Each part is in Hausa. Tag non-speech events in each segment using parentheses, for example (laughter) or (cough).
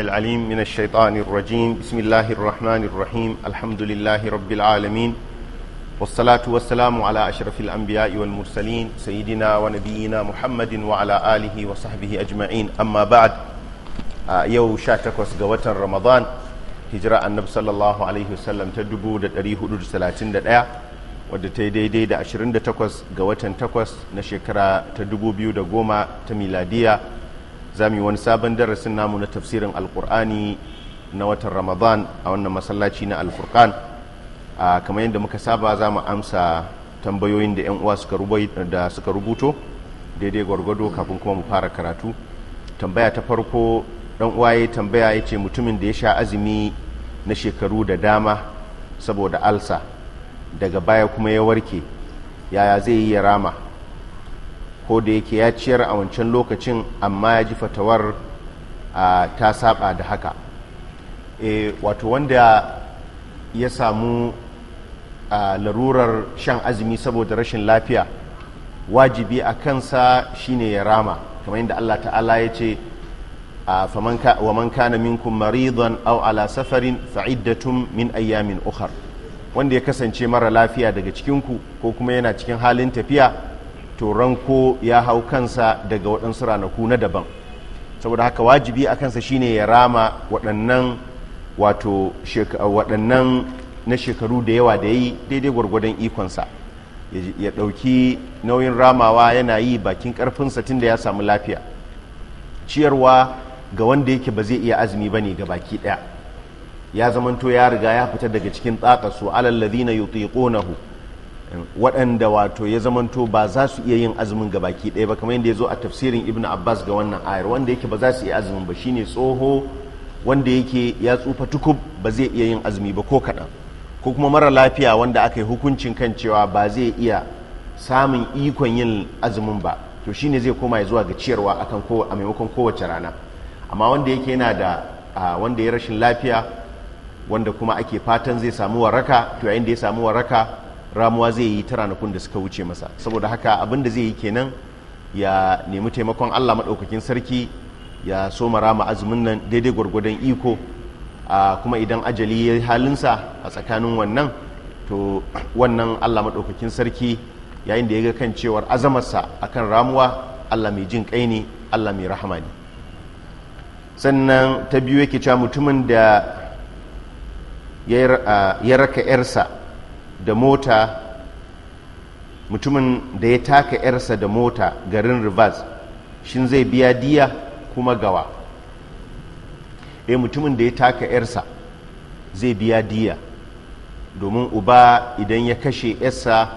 السميع العليم من الشيطان الرجيم بسم الله الرحمن الرحيم الحمد لله رب العالمين والصلاة والسلام على أشرف الأنبياء والمرسلين سيدنا ونبينا محمد وعلى آله وصحبه أجمعين أما بعد يو شاتكوس قوة رمضان هجرة النبي صلى الله عليه وسلم تدبو دريه دود سلاتين دقاء wadda ta yi daidai da 28 ga watan 8 na shekara ta 2010 ta miladiya za mu yi wani sabon darasin namu na tafsirin alkur'ani na watan ramadan a wannan masallaci na alfurkan kamar yadda muka saba za mu amsa tambayoyin da 'yan uwa da suka rubuto daidai gwargwado kafin kuma mu fara karatu tambaya ta farko dan uwa ya tambaya ya ce mutumin da ya sha azumi na shekaru da dama saboda alsa daga baya kuma ya warke yaya zai yi ya rama ko da yake ya ciyar a wancan lokacin amma ya ji fatawar ta saba da haka e, wato wanda ya samu larurar shan azumi saboda rashin lafiya wajibi a kansa shine ya rama kamar yadda Allah ta'ala ya ce wa man kana minkum maridan aw ala safarin fa'iddatun min ayyamin ukhar wanda ya kasance mara lafiya daga cikinku ko kuma yana cikin halin tafiya to ranko ya hau kansa daga waɗansu ranaku na daban saboda haka wajibi a kansa shine ya rama waɗannan wato waɗannan na shekaru da yawa da yi daidai gwargwadon ikonsa ya ɗauki nauyin ramawa yana yi bakin ƙarfinsa tun da ya samu lafiya ciyarwa ga wanda yake ba zai iya azumi ba ne ga baki ɗaya ya zamanto ya riga ya fita daga cikin tsaka su alal ladina yutiqunahu waɗanda wato ya zamanto ba za su iya yin azumin ga baki ɗaya ba kamar yadda ya zo a tafsirin ibn abbas ga wannan ayar wanda yake ba za su iya azumin ba shine tsoho wanda yake ya tsufa tukub ba zai iya yin azumi ba ko kaɗan ko kuma mara lafiya wanda aka yi hukuncin kan cewa ba zai iya samun ikon yin azumin ba to shine zai koma ya zuwa ga ciyarwa a maimakon kowace rana amma wanda yake yana da wanda ya rashin lafiya wanda kuma ake fatan zai samu waraka to yayin da ya samu waraka ramuwa zai yi ta ranakun da suka wuce masa saboda haka abin da zai yi kenan ya nemi taimakon allah maɗaukakin sarki ya soma rama azumin nan daidai gwargwadon iko kuma idan ajali ya yi halinsa a tsakanin wannan to wannan allah maɗaukakin sarki yayin da ya ga kan cewar azamarsa akan ramuwa allah mai jin kai ne allah mai rahama ne sannan ta biyu yake cewa mutumin da ya raka 'yarsa da mota mutumin da ya taka 'yarsa da mota garin rivers shin zai biya diya kuma gawa eh mutumin da ya taka 'yarsa zai biya diya domin uba idan ya kashe 'yarsa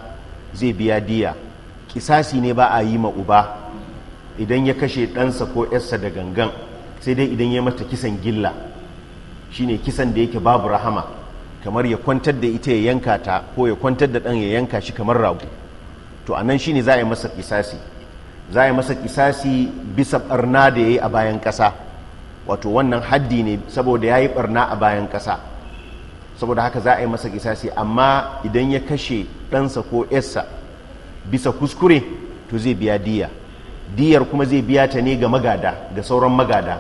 zai biya diya kisasi ne ba a yi ma uba idan ya kashe ɗansa ko 'yarsa da gangan sai dai idan ya mata kisan gilla shine kisan da yake babu rahama kamar ya kwantar da ita ya yanka ta ko ya kwantar da ɗan ya yanka shi kamar rago to anan shine za a yi masa kisasi za a yi masa kisasi bisa barna da ya yi a bayan ƙasa wato wannan haddi ne saboda ya yi barna a bayan ƙasa saboda haka za a yi masa kisasi amma idan ya kashe ɗansa ko yarsa bisa kuskure to zai biya diya diyar kuma zai biya ta ne ga magada ga sauran magada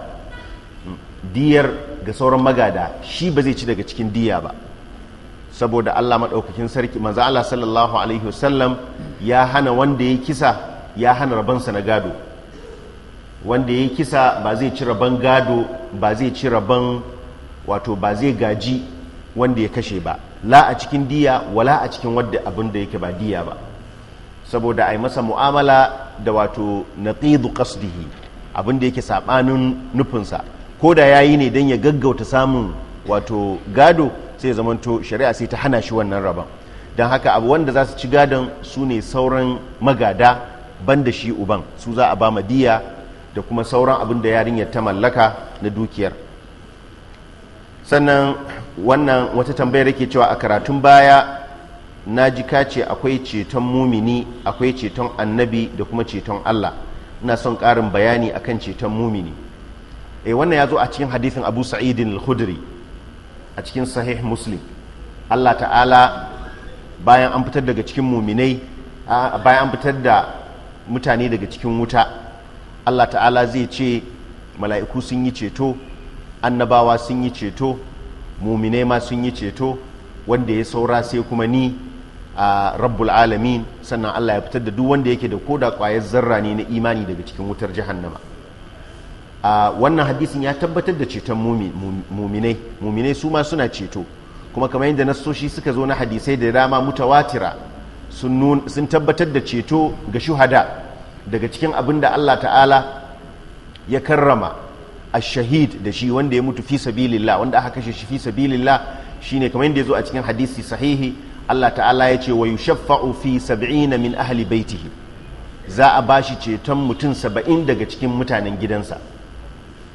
diyar ga sauran magada shi ba zai ci daga cikin diya ba saboda Allah maɗaukakin sarki manzo Allah sallallahu alaihi wasallam ya hana wanda ya kisa ya hana rabansa na gado wanda ya kisa ba zai ci raban gado ba zai ci raban wato ba zai gaji wanda ya kashe ba la a cikin diya wala a cikin wadda abin da yake ba diya ba saboda a yi masa mu'amala da wato naqidu qasdihi abin da yake saɓanin nufinsa ko da yayi ne dan ya gaggauta samun wato gado sai zamanto shari'a sai ta hana shi wannan rabon don haka abu wanda za su ci gadon su ne sauran magada ban da shi uban su za a ba madiya da kuma sauran abin da yarinyar ta mallaka na dukiyar sannan wannan wata tambayar yake cewa a karatun baya na ji ce akwai ceton mumini akwai ceton annabi da kuma ceton allah ina son karin bayani akan ceton mumini eh wannan ya zo a cikin hadisin abu sa'idin al-khudri a cikin sahih muslim Allah ta'ala bayan an fitar daga cikin muminai bayan an fitar da mutane daga cikin wuta Allah ta'ala zai ce mala'iku sun yi ceto annabawa sun yi ceto muminai ma sun yi ceto wanda ya saura sai kuma ni a rabbul alamin sannan Allah ya fitar da duk wanda yake da koda kwayar zarra ne na imani daga cikin wutar jahannama wannan hadisin ya tabbatar da ceton muminai muminai su ma suna ceto kuma kamar yadda nassoshi suka zo na hadisai da dama mutawatira sun tabbatar da ceto ga shuhada daga cikin abin da Allah ta'ala ya karrama a shahid da shi wanda ya mutu fi sabilillah wanda aka kashe shi fi sabilillah shine kamar yadda ya zo a cikin hadisi sahihi Allah ta'ala ya ce wa yushaffa'u fi sab'ina min ahli baitihi za a bashi ceton mutum saba'in daga cikin mutanen gidansa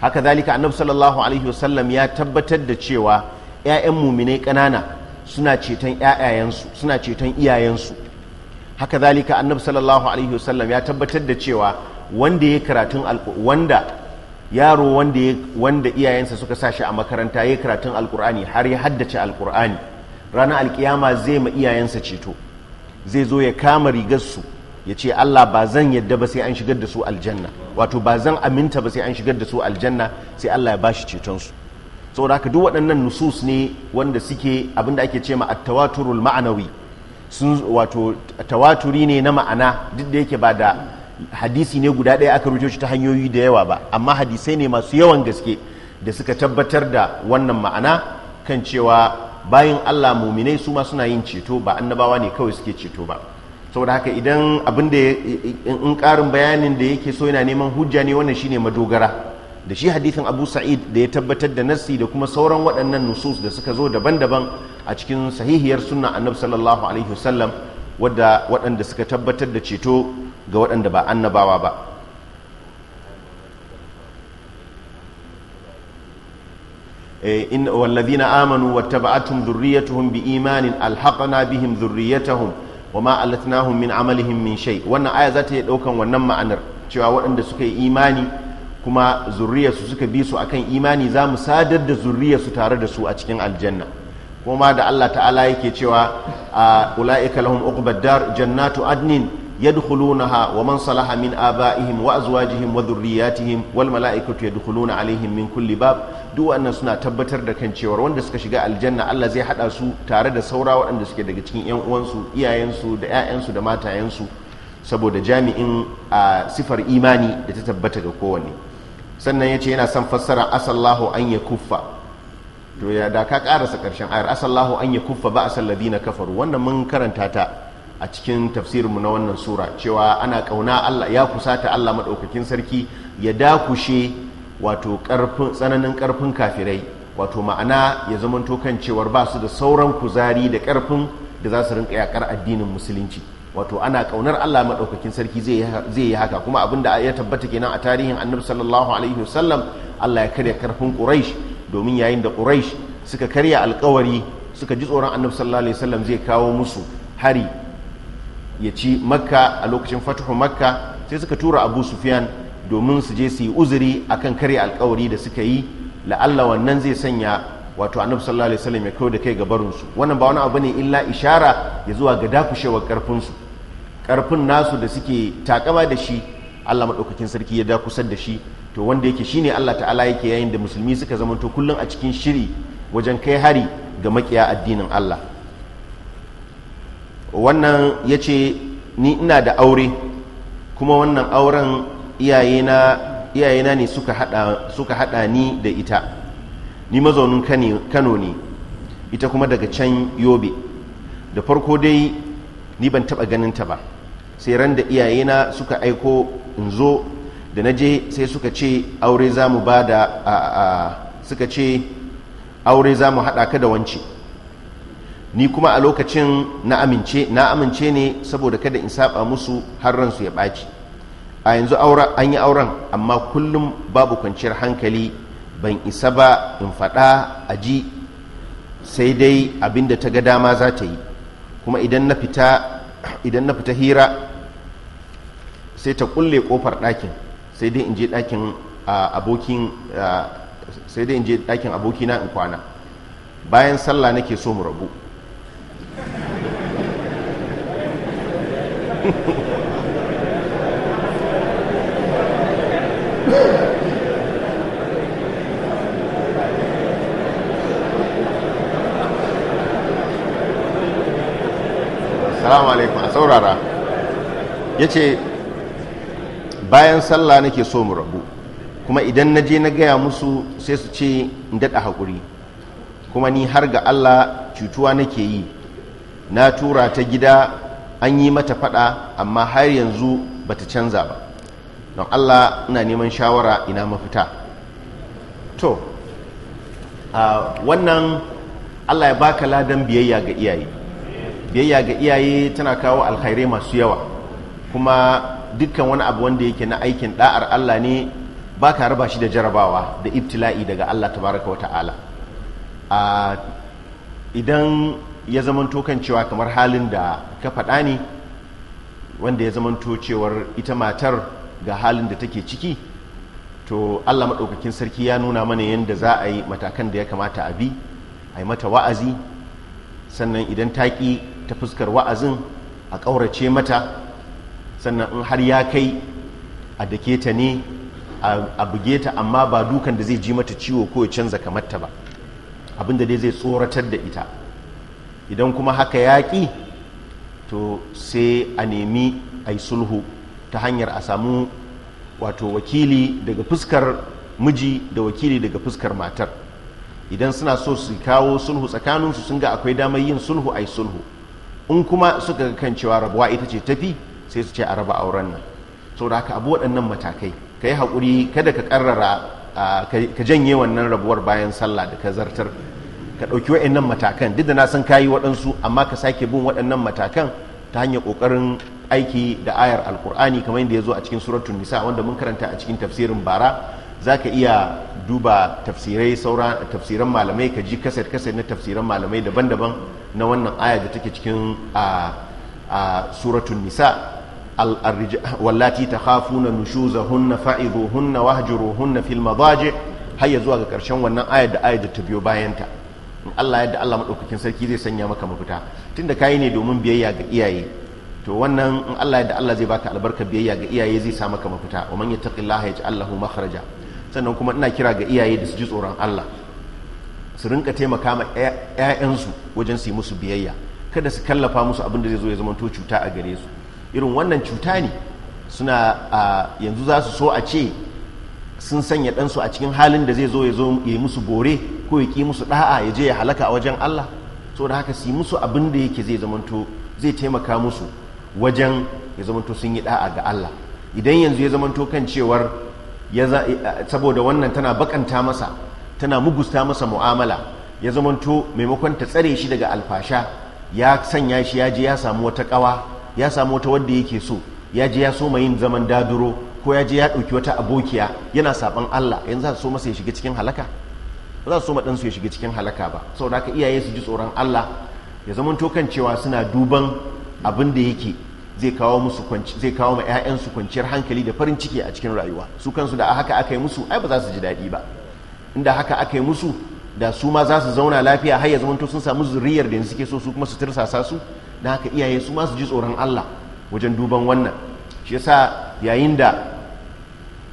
haka zalika annabi sallallahu alaihi wasallam ya tabbatar da cewa 'ya'yan muminai ƙanana suna ceton 'ya'yayensu suna ceton iyayensu haka zalika annabi sallallahu alaihi wasallam ya tabbatar da cewa wanda ya karatun wanda yaro wanda wanda iyayensa suka sashi a makaranta ya karatun alqur'ani har ya haddace alqur'ani ranar alkiyama zai ma iyayensa ceto zai zo ya kama rigarsu ya ce Allah ba zan yadda ba sai an shigar da su aljanna wato ba zan aminta ba sai an shigar da su aljanna sai Allah ya bashi cetonsu saboda haka duk waɗannan nusus ne wanda suke abinda ake ce ma at ma'anawi sun wato tawaturi ne na ma'ana duk da yake ba da hadisi ne guda ɗaya aka rubuto shi ta hanyoyi da yawa ba amma hadisai ne masu yawan gaske da suka tabbatar da wannan ma'ana kan cewa bayan Allah muminai su ma suna yin ceto ba annabawa ne kawai suke ceto ba saboda haka idan abin da in karin bayanin da yake so yana neman hujja ne wannan shine madogara da shi hadithin abu sa'id da ya tabbatar da nassi da kuma sauran waɗannan nusus da suka zo daban-daban a cikin sahihiyar sunna annab sallallahu alaihi wasallam waɗanda suka tabbatar da ceto ga waɗanda ba annabawa ba eh, in wallazina amanu wattaba'atuhum dhurriyyatuhum biimanin alhaqna bihim dhurriyyatahum wa ma alatnahum min amalihim min shay wannan aya za ta iya daukan wannan ma'anar cewa waɗanda suka yi imani kuma zurriyarsu suka bi su akan imani za mu sadar da su tare da su a cikin aljanna kuma da Allah ta'ala yake cewa a ula'ika lahum uqbad dar jannatu adnin yadkhulunaha wa man salaha min abaihim wa azwajihim wa dhurriyyatihim wal mala'ikatu yadkhuluna alaihim min kulli bab duk wannan suna tabbatar da kan cewar wanda suka shiga aljanna Allah zai hada su tare da saura waɗanda suke daga cikin yan uwansu iyayensu da ƴaƴansu da matayensu saboda jami'in a sifar imani da ta tabbata ga kowanne sannan yace yana son fassara asallahu an ya kuffa to ya da ka karasa karshen ayar asallahu an ya kuffa ba asal ladina kafaru wannan mun karanta ta a cikin tafsirinmu na wannan sura cewa ana kauna Allah ya kusata Allah madaukakin sarki ya dakushe wato tsananin karfin kafirai wato ma'ana ya zamanto kan cewar ba su da sauran kuzari da karfin da za su rinka yakar addinin musulunci wato ana kaunar Allah maɗaukakin sarki zai yi haka kuma abin da ya tabbata kenan a tarihin annabi sallallahu alaihi wasallam Allah ya karya karfin Quraysh domin yayin da Quraysh suka karya alkawari suka ji tsoron annabi sallallahu alaihi wasallam zai kawo musu hari ya ci makka a lokacin fatuhu makka sai suka tura abu sufyan domin su je su yi uzuri akan kare alkawari da suka yi la'alla wannan zai sanya wato annabi sallallahu alaihi wasallam ya kawo da kai ga barinsu wannan ba wani abu ne illa ishara ya zuwa ga dakushewar su karfin nasu da suke takama da shi Allah madaukakin sarki ya dakusar da shi to wanda yake shine Allah ta'ala yake yayin da musulmi suka to kullum a cikin shiri wajen kai hari ga makiya addinin Allah wannan yace ni ina da aure kuma wannan auren iyayena ne suka hada ni da ita ni mazaunin kano ne ita kuma daga can yobe da farko dai ni ban taba ganin ta ba sai ran da iyayena suka aiko in zo da na je sai suka ce aure za mu ba da suka ce aure za mu haɗa ka da wance ni kuma a lokacin na amince na amince ne saboda kada in saba musu har ransu ya ɓaci a yanzu an yi auren amma kullum babu kwanciyar hankali ban isa ba in faɗa a ji sai dai abinda ta ga dama za ta yi kuma idan na fita hira sai ta kulle kofar ɗakin sai dai in je ɗakin abokin sai dai in je ɗakin abokina in kwana bayan sallah nake so mu rabu (laughs) salamu alaikum a saurara ya ce bayan sallah nake so mu rabu kuma idan na je na gaya musu sai su ce in daɗa haƙuri kuma ni har ga allah cutuwa nake yi na tura ta gida an yi mata faɗa amma har yanzu bata canza ba don allah na neman shawara ina mafita to wannan allah ya baka ladan biyayya ga iyaye biyayya ga iyaye tana kawo alkhairai masu yawa kuma dukkan wani abu wanda yake na aikin da'ar allah ne baka ka raba shi da jarabawa da ibtila'i daga allah tabaraka wata'ala idan ya zamanto kan cewa kamar halin da ka faɗa ne wanda ya zamanto cewar ita matar ga halin da take ciki to allah maɗaukakin sarki ya nuna mana yadda za a yi matakan da ya kamata a bi a yi mata wa'azi sannan idan ta ƙi ta fuskar wa'azin a ƙaurace mata sannan in har ya kai a dake ta ne a buge ta amma ba dukan da zai ji mata ciwo ko ya canza kamar ta ba abinda dai zai tsoratar da ita idan kuma haka yaƙi to sai a nemi a yi sulhu ta hanyar a samu wato wakili daga fuskar miji da wakili daga fuskar matar idan suna so su kawo sulhu tsakaninsu sun ga akwai damar yin sulhu ai sulhu in kuma suka ga kan cewa rabuwa ita ce tafi sai su ce a raba auren nan saboda haka abu waɗannan matakai ka yi haƙuri kada ka ƙarrara ka janye wannan rabuwar bayan sallah da ka zartar ka ɗauki waɗannan matakan duk da na san kayi waɗansu amma ka sake bin waɗannan matakan ta hanyar kokarin aiki da ayar alkur'ani kamar yadda ya zo a cikin suratun nisa wanda mun karanta a cikin tafsirin bara za ka iya duba tafsirai sauran tafsiran malamai ka ji kaset kaset na tafsiran malamai daban-daban na wannan aya da take cikin a suratun nisa wallati ta Hafu na hunna hunna fa'iduhunna hunna Filma madaji har ya zuwa ga karshen wannan ayar da ayar da ta biyo bayanta Allah yadda Allah maɗaukakin sarki zai sanya maka mafita tun da kayi ne domin biyayya ga iyaye to wannan in Allah da Allah zai baka albarka biyayya ga iyaye zai sa maka mafita wa man yattaqillaha yaj'al makhraja sannan kuma ina kira ga iyaye da su ji tsoron Allah su rinka taimaka ma ƴaƴansu wajen su musu biyayya kada su kallafa musu abin da zai zo ya zama cuta a gare su irin wannan cuta ne suna yanzu za su so a ce sun sanya ɗansu a cikin halin da zai zo ya zo ya musu bore ko ya ki musu ɗa'a ya je ya halaka a wajen Allah saboda haka su musu abin da yake zai zamanto zai taimaka musu wajen ya zamanto sun yi da'a ga Allah idan yanzu ya zamanto kan cewar saboda wannan tana bakanta masa tana mugusta masa mu'amala ya zamanto maimakon ta tsare shi daga alfasha ya sanya shi ya je ya samu wata kawa ya samu wata wadda yake so ya je ya so soma yin zaman daduro ko ya je ya ɗauki wata abokiya yana saban Allah yanzu za so masa ya shiga cikin halaka ba za su so ɗansu ya shiga cikin halaka ba sau da haka iyaye su ji tsoron Allah ya zama tokan cewa suna duban abin da yake zai kawo musu kwanci zai kawo ma ƴaƴansu kwanciyar hankali da farin ciki a cikin rayuwa su kansu da haka aka yi musu ai ba za su ji daɗi ba inda haka aka yi musu da su ma za su zauna lafiya har ya zama to sun samu zuriyar da suke so su kuma su tirsasa su da haka iyaye su ma su ji tsoron Allah wajen duban wannan shi yasa yayin da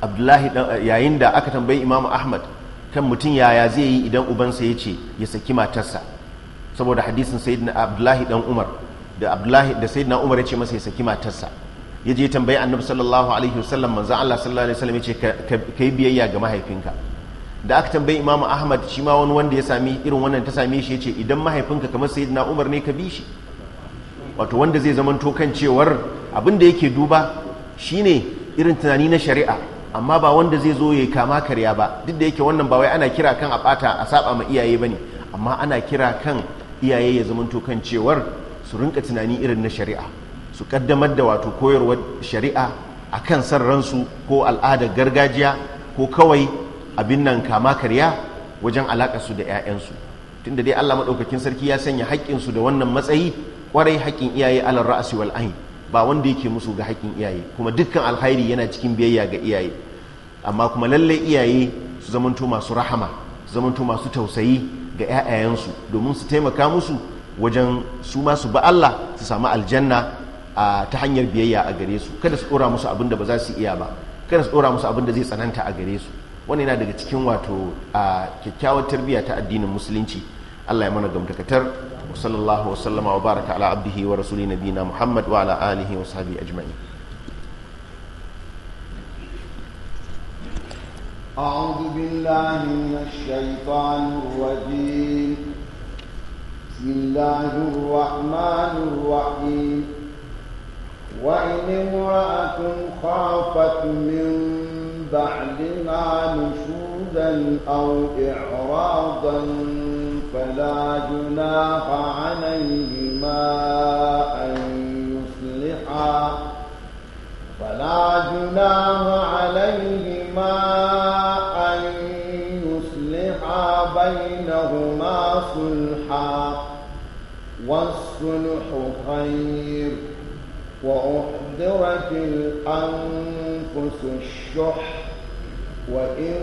Abdullahi yayin da aka tambayi Imam Ahmad kan mutum yaya zai yi idan ubansa ya ce ya saki matarsa saboda hadisin sayyidina abdullahi dan umar da abdullahi da sayyidina umar ya ce masa ya saki matarsa ya je tambayi annabi sallallahu alaihi wasallam manzon Allah sallallahu alaihi wasallam ya ce ka yi biyayya ga mahaifinka da aka tambayi imam ahmad shi ma wani wanda ya sami irin wannan ta same shi ya ce idan mahaifinka kamar sayyidina umar ne ka bi shi wato wanda zai zamanto kan cewar abin da yake duba shine irin tunani na shari'a amma ba wanda zai zo yi kama karya ba duk da yake wannan ba wai ana kira kan a bata a saba ma iyaye bane amma ana kira kan iyaye ya zamanto kan cewar su rinka tunani irin na shari'a su kaddamar da wato koyarwar shari'a akan san ransu ko al'adar gargajiya ko kawai abin nan kama karya wajen alaƙa su da 'ya'yansu tunda dai Allah maɗaukakin sarki ya sanya su da wannan matsayi kwarai haƙƙin iyaye alar ra'asi wal ayn ba wanda yake musu ga haƙƙin iyaye kuma dukkan alkhairi yana cikin biyayya ga iyaye amma kuma lallai iyaye su zamanto masu rahama zamanto masu tausayi ga 'ya'yayensu domin su taimaka musu wajen su masu su ba Allah su samu aljanna ta hanyar biyayya a gare su kada su ɗora musu abin da ba za su iya ba kada su ɗora musu abin da zai tsananta a gare su wani yana daga cikin wato a kyakkyawar tarbiyya ta addinin musulunci Allah ya mana gamtakatar sallallahu sallama wa baraka ala abdihi wa rasuli nabina muhammad wa ala alihi wa sahbihi ajma'in أعوذ بالله من الشيطان الرجيم بسم الله الرحمن الرحيم وإن امرأة خافت من ما نشوزا أو إعراضا فلا جناح عليهما أن يصلحا فلا جناح عليهما إما أن يصلح بينهما صلحا والصلح خير وأحضرت الأنفس الشح وإن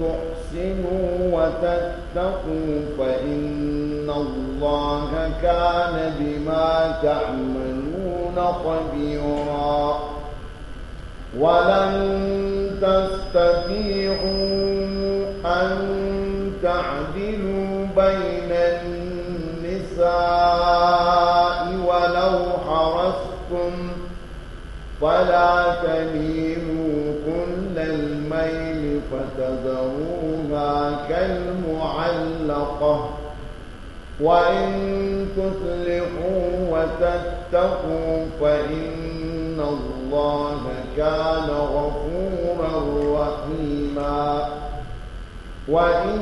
تحسنوا وتتقوا فإن الله كان بما تعملون خبيراً ولن تستطيعوا أن تعدلوا بين النساء ولو حرصتم فلا تميلوا كل الميل فتذروها كالمعلقة وإن تصلحوا وتتقوا فإن إن الله كان غفورا رحيما وإن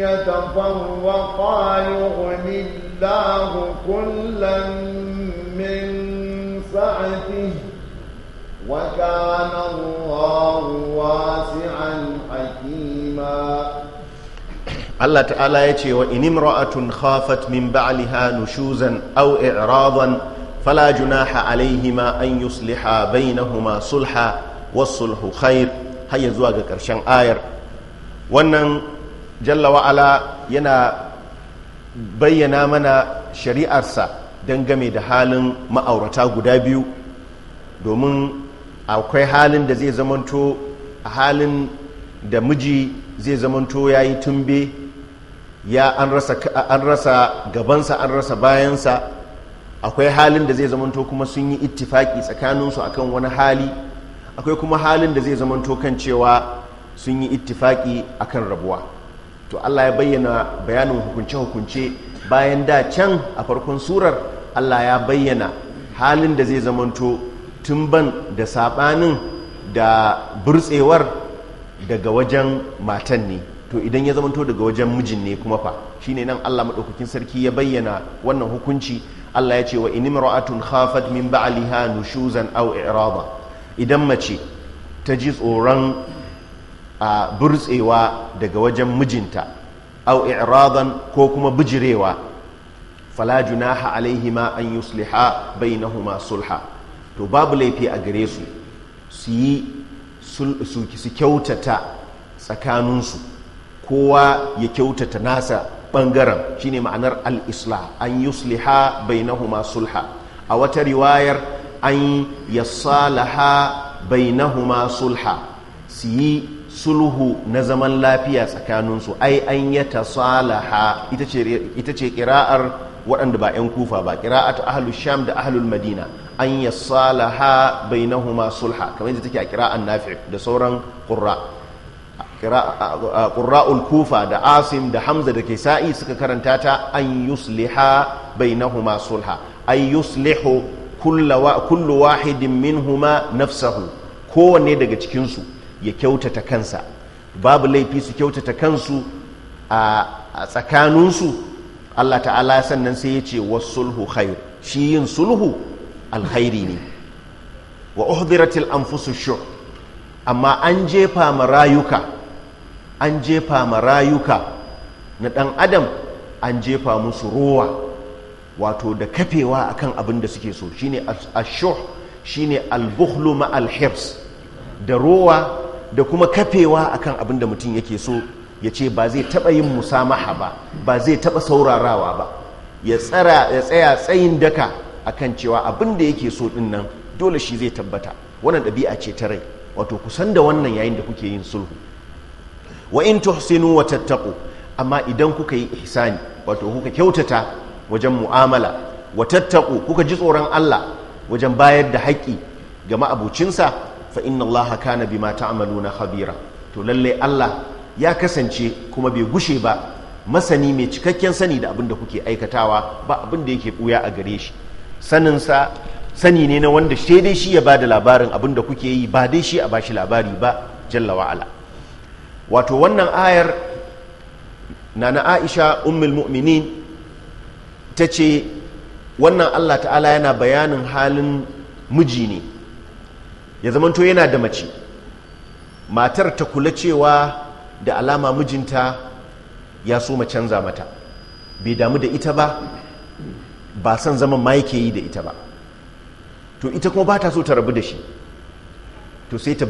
يتفرقا يغني الله كلا من سعته وكان الله واسعا حكيما الله تعالى يقول وإن امرأة خافت من بعلها نشوزا أو إعراضا fala junaha alaihima an yusliha bainahuma sulha wasulhu khair har ya zuwa ga ƙarshen ayar wannan jalla wa'ala yana bayyana mana shari'arsa game da halin ma'aurata guda biyu domin akwai halin da zai zamanto a halin da miji zai zamanto ya yi tumbe ya an rasa gabansa an rasa bayansa akwai halin da zai zamanto kuma sun yi ittifaki tsakaninsu akan wani hali akwai kuma halin da zai zamanto kan cewa sun yi ittifaki akan rabuwa to Allah ya bayyana bayanin hukunce-hukunce bayan da can a farkon surar Allah ya bayyana halin da zai zamanto tumban da saɓanin da burtsewar daga wajen matan ne to idan ya zamanto daga wajen mijin ne kuma fa shine nan Allah maɗaukakin sarki ya bayyana wannan hukunci Allah ya ce wa in imra'atun khafat min ba'liha nushuzan aw i'rada idan mace ta ji tsoron a burtsewa daga wajen mijinta au i'radan ko kuma bijirewa fala junaha alaihima an yusliha bainahuma sulha to babu laifi a gare su su yi su kyautata tsakaninsu kowa ya kyautata nasa ɓangaren shine ma'anar al-islah an yusliha bainahuma sulha a wata riwayar an yassalaha bainahuma sulha su yi sulhu na zaman lafiya tsakaninsu ai an ya tasalaha ita ce kira'ar waɗanda ba 'yan kufa ba kira'at ahlul sham da ahlul madina an yassalaha bainahuma sulha kamar yadda take a kira'an nafi da sauran ƙurra ƙura'ul kufa da asim da hamza da ke Sa'i suka karanta ta an yusliha bainahuma sulha an yuslihu kullu wahidin minhuma nafsahu kowanne daga cikinsu ya kyautata kansa babu laifi su kyautata kansu a tsakaninsu allah ta'ala sannan sai ya ce wasulhu khair shi yin sulhu alkhairi ne wa uhdiratil anfusu shu amma an jefa ma rayuka an jefa ma rayuka na ɗan adam an jefa musu rowa wato da kafewa akan abin da suke so shine ashuh shine albuhlu ma alhirs da rowa da kuma kafewa akan abin da mutum yake so ya ce ba zai taɓa yin musamaha ba ba zai taɓa saurarawa ba ya ya tsaya tsayin daka akan cewa abin da yake so din nan dole shi zai tabbata wannan ɗabi'a ce ta rai wato kusan da wannan yayin da kuke yin sulhu wa in tuhsinu wa tattaqu amma idan kuka yi ihsani wato kuka kyautata wajen mu'amala wa tattaqu kuka ji tsoron Allah wajen bayar da haƙi ga ma'abucinsa fa inna Allah kana bima ta'maluna khabira to lalle Allah ya kasance kuma bai gushe ba masani mai cikakken sani da abin da kuke aikatawa ba abin da yake buya a gare shi sanin sa sani ne na wanda shi dai shi ya bada labarin abin da kuke yi ba dai shi a bashi labari ba jalla wa'ala wato wannan ayar na na aisha ummul mu'minin ta ce wannan allah ta'ala yana bayanin halin miji ne ya zamanto yana da mace matar ta kula cewa da alama mijinta ya so ma canza mata bai damu da ita ba ba san zaman ma yake yi da ita ba to ita kuma ba ta so ta rabu da shi to sai ta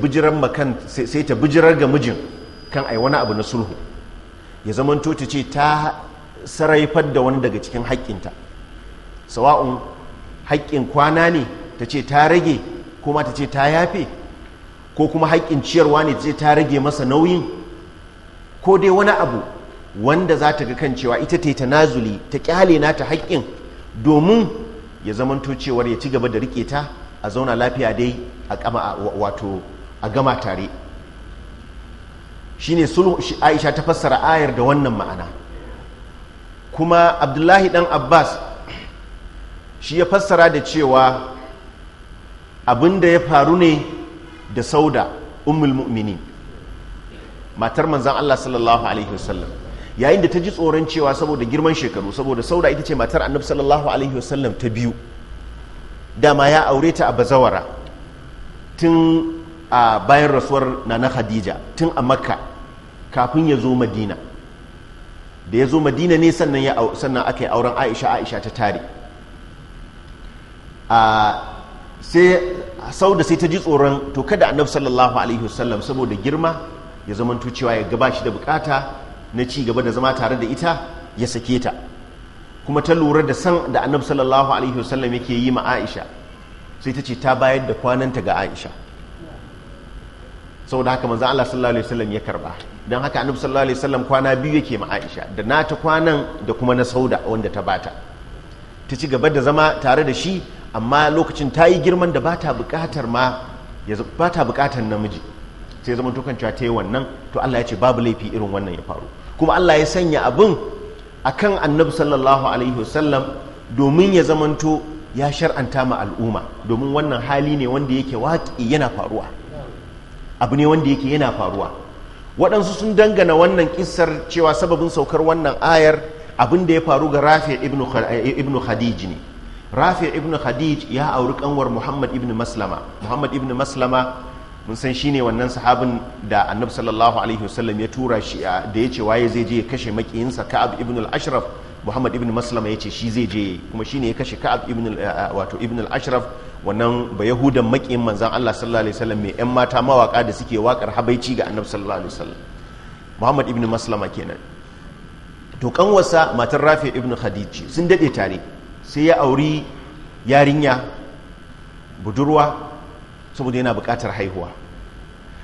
bijirar ga mijin kan ai wani abu na sulhu ya zama ta ce ta saraifar da wani daga cikin haƙƙinta sawa'un haƙƙin kwana ne ta ce ta rage kuma ta ce ta yafe ko kuma haƙƙin ciyarwa ne ta ce ta rage masa nauyin ko dai wani abu wanda za ta ga kan cewa ita ta yi ta nazuli ta ƙyale na ta haƙƙin domin ya zamanto cewar ya ci gaba da riƙe ta a zauna lafiya dai a gama tare shine sulhu Aisha ta fassara ayar da wannan ma'ana kuma Abdullahi dan Abbas shi ya fassara da cewa abin da ya faru ne da sauda ummul mu'minin matar manzan Allah sallallahu alaihi wasallam yayin da ta ji tsoron cewa saboda girman shekaru saboda sauda ita ce matar annabi sallallahu alaihi wasallam ta biyu dama ya aure ta a bazawara tun a bayan rasuwar nana khadija tun a makka kafin ya zo madina da ya zo madina ne sannan ya aka yi auren aisha aisha ta tare sai sau da sai ta ji tsoron to kada annabi sallallahu alaihi wasallam saboda girma ya zama cewa ya gaba shi da bukata na ci gaba da zama tare da ita ya sake ta kuma ta lura da san da annabi sallallahu alaihi wasallam yake yi ma aisha sai ta ce ta bayar da kwananta ga aisha saboda haka manzo Allah sallallahu alaihi wasallam ya karba don haka annabi sallallahu alaihi wasallam kwana biyu yake ma Aisha da nata kwanan da kuma na Sauda wanda ta bata ta ci gaba da zama tare da shi amma lokacin ta yi girman da bata bukatar ma ya bata bukatar namiji sai zama tukan cewa ta yi wannan to Allah ya ce babu laifi irin wannan ya faru kuma Allah ya sanya abin akan annabi sallallahu alaihi wasallam domin ya zamanto ya shar'anta ma al'umma domin wannan hali ne wanda yake waki yana faruwa abu ne wanda yake yana faruwa waɗansu sun dangana wannan kissar cewa sababin saukar wannan ayar abin da ya faru ga rafi ibn khadij ne rafi ibn khadij ya auri kanwar muhammad ibn maslama muhammad ibn maslama mun san shine wannan sahabin da annabi sallallahu alaihi wasallam ya tura shi da ya ce waye zai je ya kashe makiyinsa ka'ab ibn al-ashraf muhammad ibn maslama ya ce shi zai je kuma shine ya kashe ka'ab ibn wato ibn al-ashraf wannan ba yahudan makiyin manzan Allah sallallahu alaihi wasallam mai yan mata mawaka da suke wakar habaici ga annabi sallallahu alaihi wasallam muhammad ibn maslama kenan to kanwarsa matar rafi ibn khadij sun daɗe tare sai ya auri yarinya budurwa saboda yana buƙatar haihuwa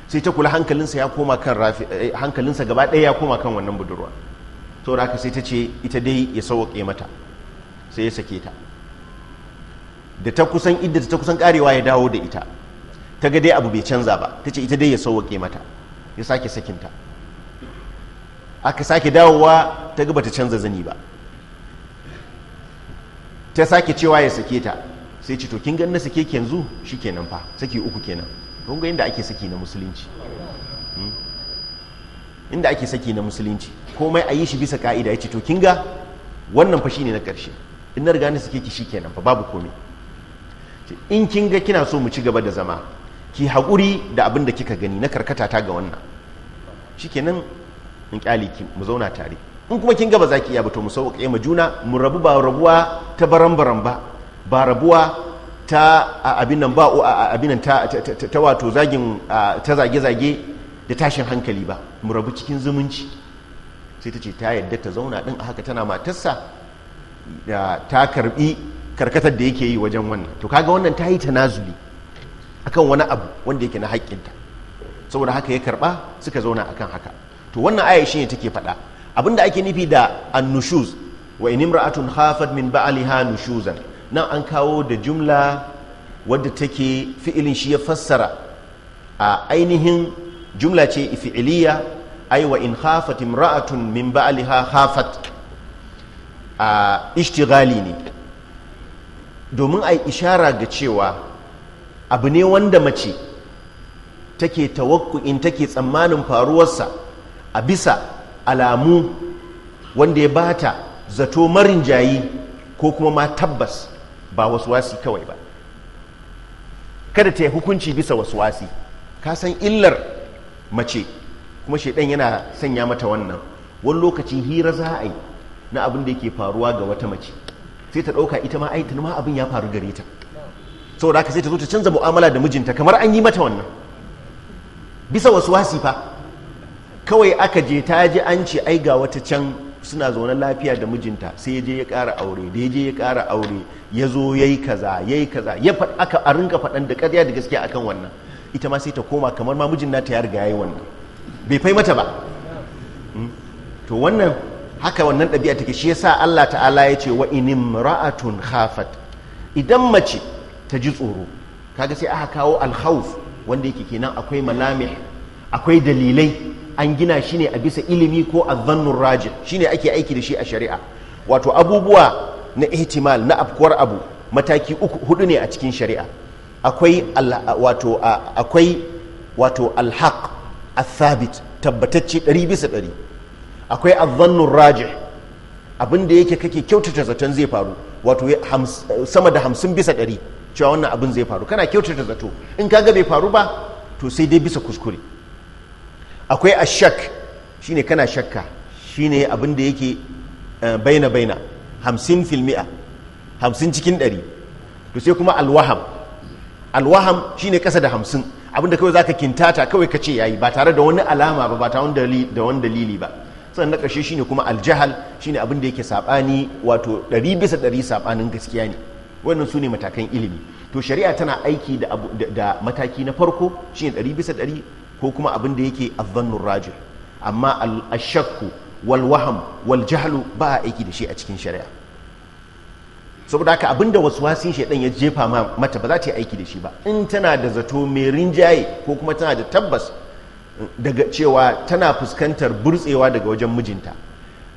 sai ta kula hankalinsa eh, hankalinsa gaba ɗaya ya koma kan wannan budurwa saboda haka sai ta ce ita dai ya sauwaƙe mata sai ya sake ta da ta kusan idda ta kusan karewa ya dawo da ita ta ga dai abu bai canza ba ta ce ita dai ya sauwaƙe mata ya sake sakinta aka sake dawowa ta ga bata canza zani ba ta sake cewa ya sake ta sai ce to kin ga na sake shi kenan fa saki uku kenan kun ga inda ake saki na musulunci hmm? inda ake saki na musulunci komai a yi shi bisa ka'ida ya ce to kinga wannan fa ne na karshe in na riga ni suke ki kenan fa babu komai in kinga kina so mu ci gaba da zama ki haƙuri da abin da kika gani na karkata ta ga wannan shikenan in kyali ki mu zauna tare in kuma kin ga ba za ki iya ba to mu sauƙaƙe ma juna mu rabu ba rabuwa ta baran-baran ba ba rabuwa ta abin nan ba abin nan ta wato zagin ta zage-zage da tashin hankali ba mu rabu cikin zumunci sai ta ce ta yadda ta zauna din haka tana matarsa da ta karbi karkatar da yake yi wajen wannan to kaga wannan ta yi ta nazuli akan wani abu wanda yake na haƙƙinta saboda haka ya karba suka zauna akan haka to wannan aya shine take faɗa abinda ake nufi da annushuz wa in imra'atun khafat min ba'liha nushuzan nan an kawo da jumla wadda take fi'ilin shi ya fassara a ainihin jumla ce fi'iliya ai wa in khafat imra'atun min ba'liha khafat a ishtighali ne domin ai ishara ga cewa abu ne wanda mace take tawakkuin take tsammanin faruwarsa a bisa alamu wanda ya bata zato marin jayi ko kuma ma tabbas ba wasi kawai ba kada ta yi hukunci bisa wasuwasi ka san illar mace kuma shaidan yana sanya mata wannan wani lokaci hira za a yi na abin da yake faruwa ga wata mace sai ta ɗauka ita ma ai ta ma abin ya faru gare ta saboda haka sai ta zo ta canza mu'amala da mijinta kamar an yi mata wannan bisa wasu wasifa kawai aka je ta ji an ce ai ga wata can suna zaune lafiya da mijinta sai ya je ya ƙara aure da ya je ya ƙara aure ya zo ya yi kaza ya yi kaza ya aka a rinka faɗan da ƙarya da gaskiya akan wannan ita ma sai ta koma kamar ma mijin nata ya riga ya yi wannan bai fai mata ba hmm? to wannan haka wannan ɗabi'a take shi yasa Allah ta'ala ya ce wa ra'atun khafat idan mace ta ji tsoro kaga sai aka kawo alhauf wanda yake kenan akwai malamih akwai dalilai an gina shi ne a bisa ilimi ko azzannun rajin shine ake aiki da shi a shari'a wato abubuwa na ihtimal na afkuwar abu mataki uku hudu ne a cikin shari'a akwai wato akwai wato alhaq athabit tabbatacce ɗari bisa ɗari akwai azannun raji abin da yake kake kyautata zaton zai faru wato sama da hamsin bisa ɗari cewa wannan abin zai faru kana kyautata zato in kaga bai faru ba to sai dai bisa kuskure akwai ashak shine kana shakka shine abin da yake baina baina hamsin filmi'a hamsin cikin ɗari to sai kuma alwaham alwaham shine kasa da hamsin abinda kawai zaka kintata kawai kace yayi ba tare da wani alama ba ba tare da wani dalili ba sannan na ƙarshe shine kuma aljahal shine abin da yake sabani wato ɗari bisa sabanin gaskiya ne wannan su ne matakan ilimi to shari'a tana aiki da, mataki na farko shine ɗari bisa ɗari ko kuma abin da yake azzannun rajih amma al-shakku wal waham wal jahlu ba aiki da shi a cikin shari'a saboda haka abinda wasu wasin shaidan ya jefa mata ba za ta yi aiki da shi ba in tana da zato mai rinjaye ko kuma tana da tabbas daga cewa tana fuskantar burtsewa daga wajen mijinta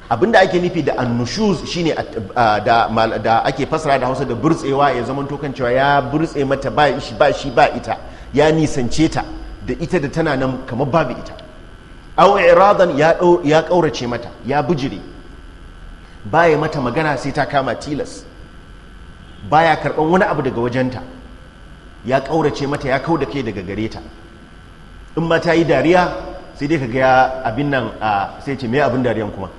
abinda ake nufi da annushuz shine da ake fasara da hausa da burtsewa ya zama tokan cewa ya burtse mata ba shi ba shi ba ita ya nisance ta da ita da tana nan kamar babu ita aw iradan ya ya kaurace mata ya bijire baya mata magana sai ta kama tilas baya karban wani abu daga wajenta ya kaurace mata ya kau da kai daga gare ta in ma ta yi dariya sai dai ka ga abin nan a sai ce me abin dariyan kuma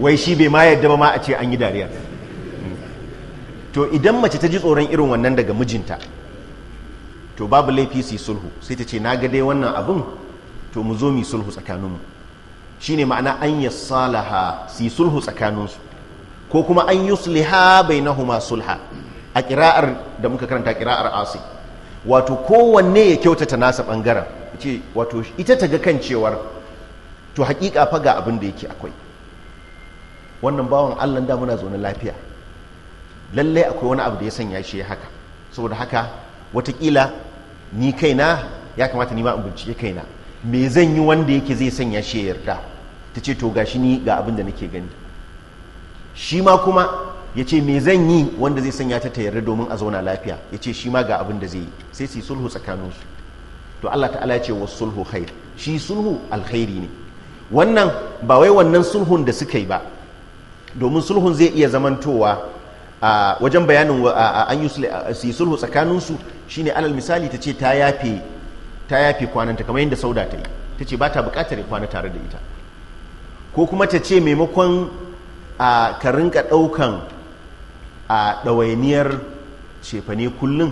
wai shi bai ma yadda ba ma a ce an yi dariya to idan mace ta ji tsoron irin wannan daga mijinta to babu laifi su yi sulhu sai ta ce na ga dai wannan abin to mu zo mu yi sulhu tsakaninmu shine ma'ana an yi salaha su yi sulhu tsakaninsu ko kuma an bai yusliha bainahuma sulha a kira'ar da muka karanta kira'ar asi wato kowanne ya kyautata nasa bangaren wato ita ta ga kan cewar to hakika fa ga abin da yake akwai wannan bawan allah da muna zaune lafiya lallai akwai wani abu da ya sanya shi haka saboda haka watakila ni kaina ya kamata ni ma in bincike kaina me zan yi wanda yake zai sanya shi ya yarda ta ce to gashi ni ga abin da nake gani shi ma kuma ya ce me zan yi wanda zai sanya ta ta yarda domin a zauna lafiya ya ce shi ma ga abin da zai yi sai su yi sulhu tsakaninsu to Allah ta'ala ya ce wa sulhu khair shi sulhu alkhairi ne wannan ba wai wannan sulhun da suka yi ba domin sulhun zai iya zamantowa a wajen bayanin an yi sulhu tsakaninsu shine alal misali ta ce ta yafe kwananta kamar yadda sauda ta yi ta ce ba ta bukatar ya kwana tare da ita ko kuma ta ce maimakon a ka rinka ɗaukan a ɗawainiyar cefane kullum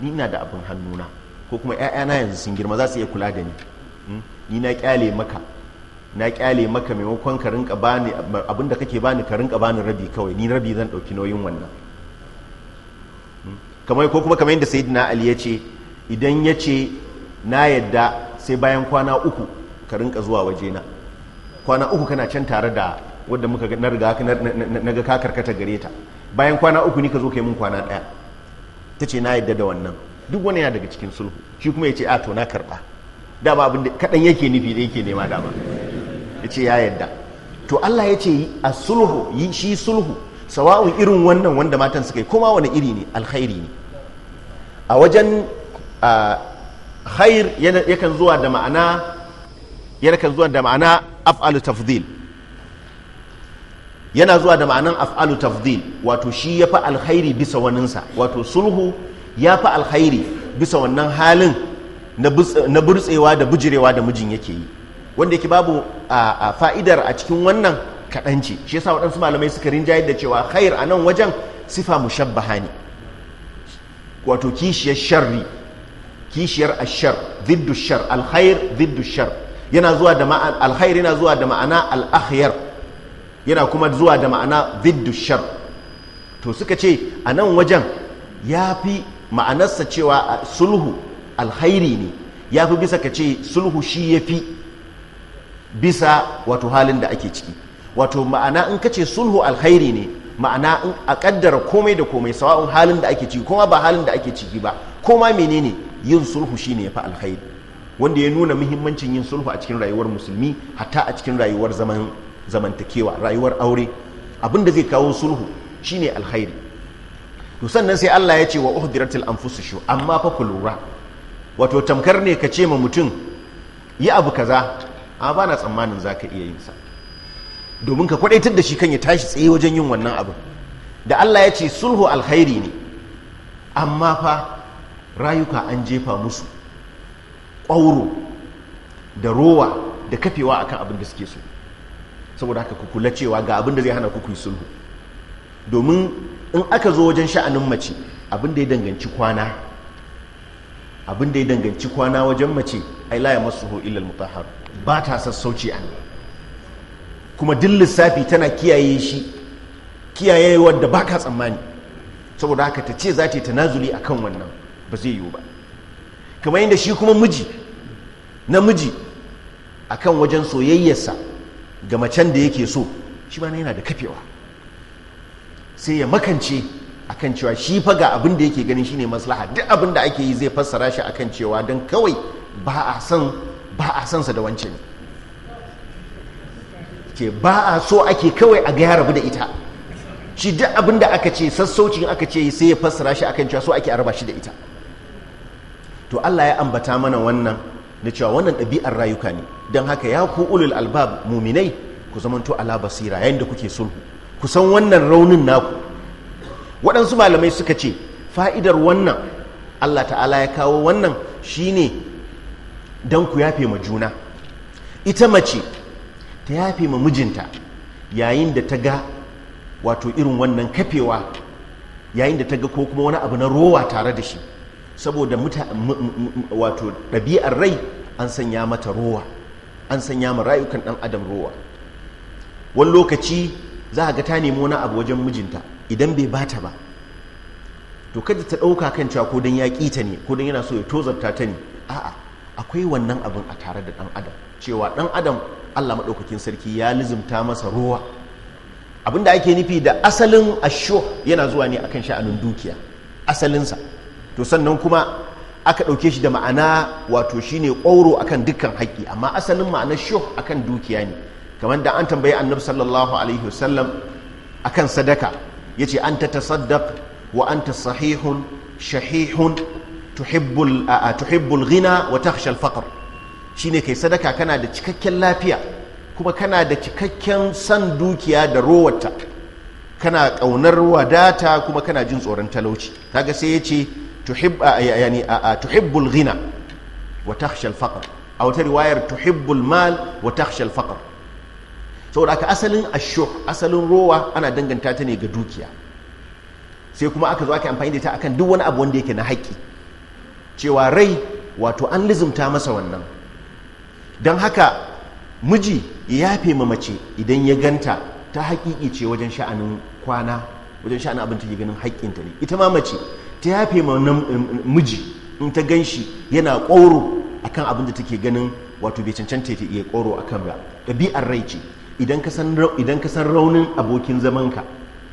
ni na da abin hannuna ko kuma 'ya'yana yanzu sun girma za su iya kula da ni hmm? ni na kyale maka na kyale maka maimakon ka rinka bani abin da kake bani ka rinka bani rabi kawai ni rabi zan ɗauki nauyin wannan hmm? kamar ko kuma kamar yadda na ali ya ce idan ya ce na yadda sai bayan kwana uku ka rinka zuwa wajena kwana uku kana can tare da wadda muka na riga na ga ka karkata gare ta bayan kwana uku ni ka zo kai mun kwana daya. ta ce na yadda da wannan duk wani yana daga cikin sulhu shi kuma ya ce a to na karɓa dama abin da kaɗan yake nufi da yake nema dama ya ce ya yadda to Allah ya ce a sulhu yi shi sulhu sawa'un irin wannan wanda matan suka yi kuma wani iri ne alkhairi ne a wajen khair yakan zuwa da ma'ana yakan zuwa da ma'ana af'alu tafdhil yana zuwa da ma'anan af'alu tafdil wato shi ya fi alkhairi bisa waninsa wato sulhu ya fi alkhairi bisa wannan halin na burtsewa da bujirewa da mijin yake yi wanda yake babu a fa'idar a cikin wannan kaɗanci shi yasa waɗansu malamai suka rinjayar da cewa khair a nan wajen sifa mushabbaha ne wato kishiyar sharri kishiyar ashar ziddu shar alkhair ziddu shar yana zuwa da alkhair yana zuwa da ma'ana al yana kuma zuwa da ma'ana biddu shar to suka ce a nan wajen ya fi ma'anarsa cewa sulhu alhairi ne ya fi bisa ka ce sulhu shi ya fi bisa wato halin da ake ciki wato ma'ana in ka ce sulhu alhairi ne ma'ana a kaddara komai da komai sawa'un halin da ake ciki kuma ba halin da ake ciki ba koma menene yin sulhu shi ne ya fi alhairi wanda ya nuna muhimmancin yin sulhu a cikin rayuwar musulmi hatta a cikin rayuwar zaman zamantakewa rayuwar aure abin da zai kawo sulhu shine alkhairi to sannan sai Allah ya ce wa uhdiratil anfus shu amma fa kulura wato tamkar ne ka ce ma mutum yi abu kaza a ba na tsammanin zaka iya yin sa domin ka kwadaitar da shi kan ya tashi tsaye wajen yin wannan abu da Allah ya ce sulhu alkhairi ne amma fa rayuka an jefa musu ƙwauro da rowa da kafewa akan abin da suke so saboda haka ku kula cewa ga abin da zai hana ku yi sulhu domin in aka zo wajen sha'anin mace abin da ya danganci kwana abin da ya danganci kwana wajen mace ai la yamassuhu illa al-mutahhar ba ta sassauci an kuma duk lissafi tana kiyaye shi kiyaye wanda baka tsammani saboda haka ta ce za ta yi tanazuli akan wannan ba zai yiwu ba kamar yadda shi kuma miji na miji, akan wajen soyayyarsa ga macen da yake so shi ma yana da kafewa sai ya makance akan cewa shi fa ga abin da yake ganin shine maslaha duk abin da ake yi zai fassara shi akan cewa don kawai ba a son ba a son sa da wance ne ke ba a so ake kawai a ga rabu da ita shi duk abin aka ce sassaucin aka ce sai ya fassara shi akan cewa so ake a raba shi da ita to Allah ya ambata mana wannan da cewa wannan ɗabi'ar rayuka ne don haka ya ku ulul albab muminai ku zamanto ala basira yayin da kuke sulhu ku san wannan raunin naku waɗansu malamai suka ce fa'idar wannan Allah ta'ala ya kawo wannan shine don ku yafe ma juna ita mace ta yafe ma mijinta yayin da ta ga wato irin wannan kafewa yayin da ta ga ko kuma wani abu na rowa tare da shi saboda wato ɗabi'ar rai an sanya mata rowa an sanya ma rayukan ɗan adam rowa wani lokaci za a ga ta nemo wani abu wajen mijinta idan bai bata ba to kada ta ɗauka kan cewa ko don ya ƙi ta ne ko don yana so ya tozarta ta ne a'a akwai wannan abin a tare da ɗan adam cewa ɗan adam allah maɗaukakin sarki ya lizimta masa rowa abin da ake nufi da asalin asho yana zuwa ne akan sha'anin dukiya asalinsa to sannan kuma aka ɗauke shi da ma'ana wato shine ƙwauro akan dukkan haƙƙi amma asalin ma'anar shuh akan dukiya ne kamar da an tambayi annabi sallallahu alaihi wasallam akan sadaka yace an ta tasaddaq wa anta sahihun shahihun tuhibbul tuhibbul ghina wa takhsha al shine kai sadaka kana da cikakken lafiya kuma kana da cikakken san dukiya da rowarta kana ƙaunar wadata kuma kana jin tsoron talauci kaga sai yace tuhib yani tuhibbul ghina wa takhsha al a wata riwayar tuhibbul mal wa takhsha al faqr saboda aka asalin ashuh asalin rowa ana danganta ta ne ga dukiya sai kuma aka zo ake amfani da ita akan duk wani abu wanda yake na haƙƙi cewa rai wato an lizumta masa wannan don haka miji ya yafe ma mace idan ya ganta ta haƙiƙi ce wajen sha'anin kwana wajen sha'anin abin ganin haƙƙinta ne ita ma mace ta yafe ma miji in ta gan shi yana ƙoro kan abin da take ganin wato bai cancanta ta iya ƙoro akan ba ɗabi'ar rai ce idan ka san raunin abokin zamanka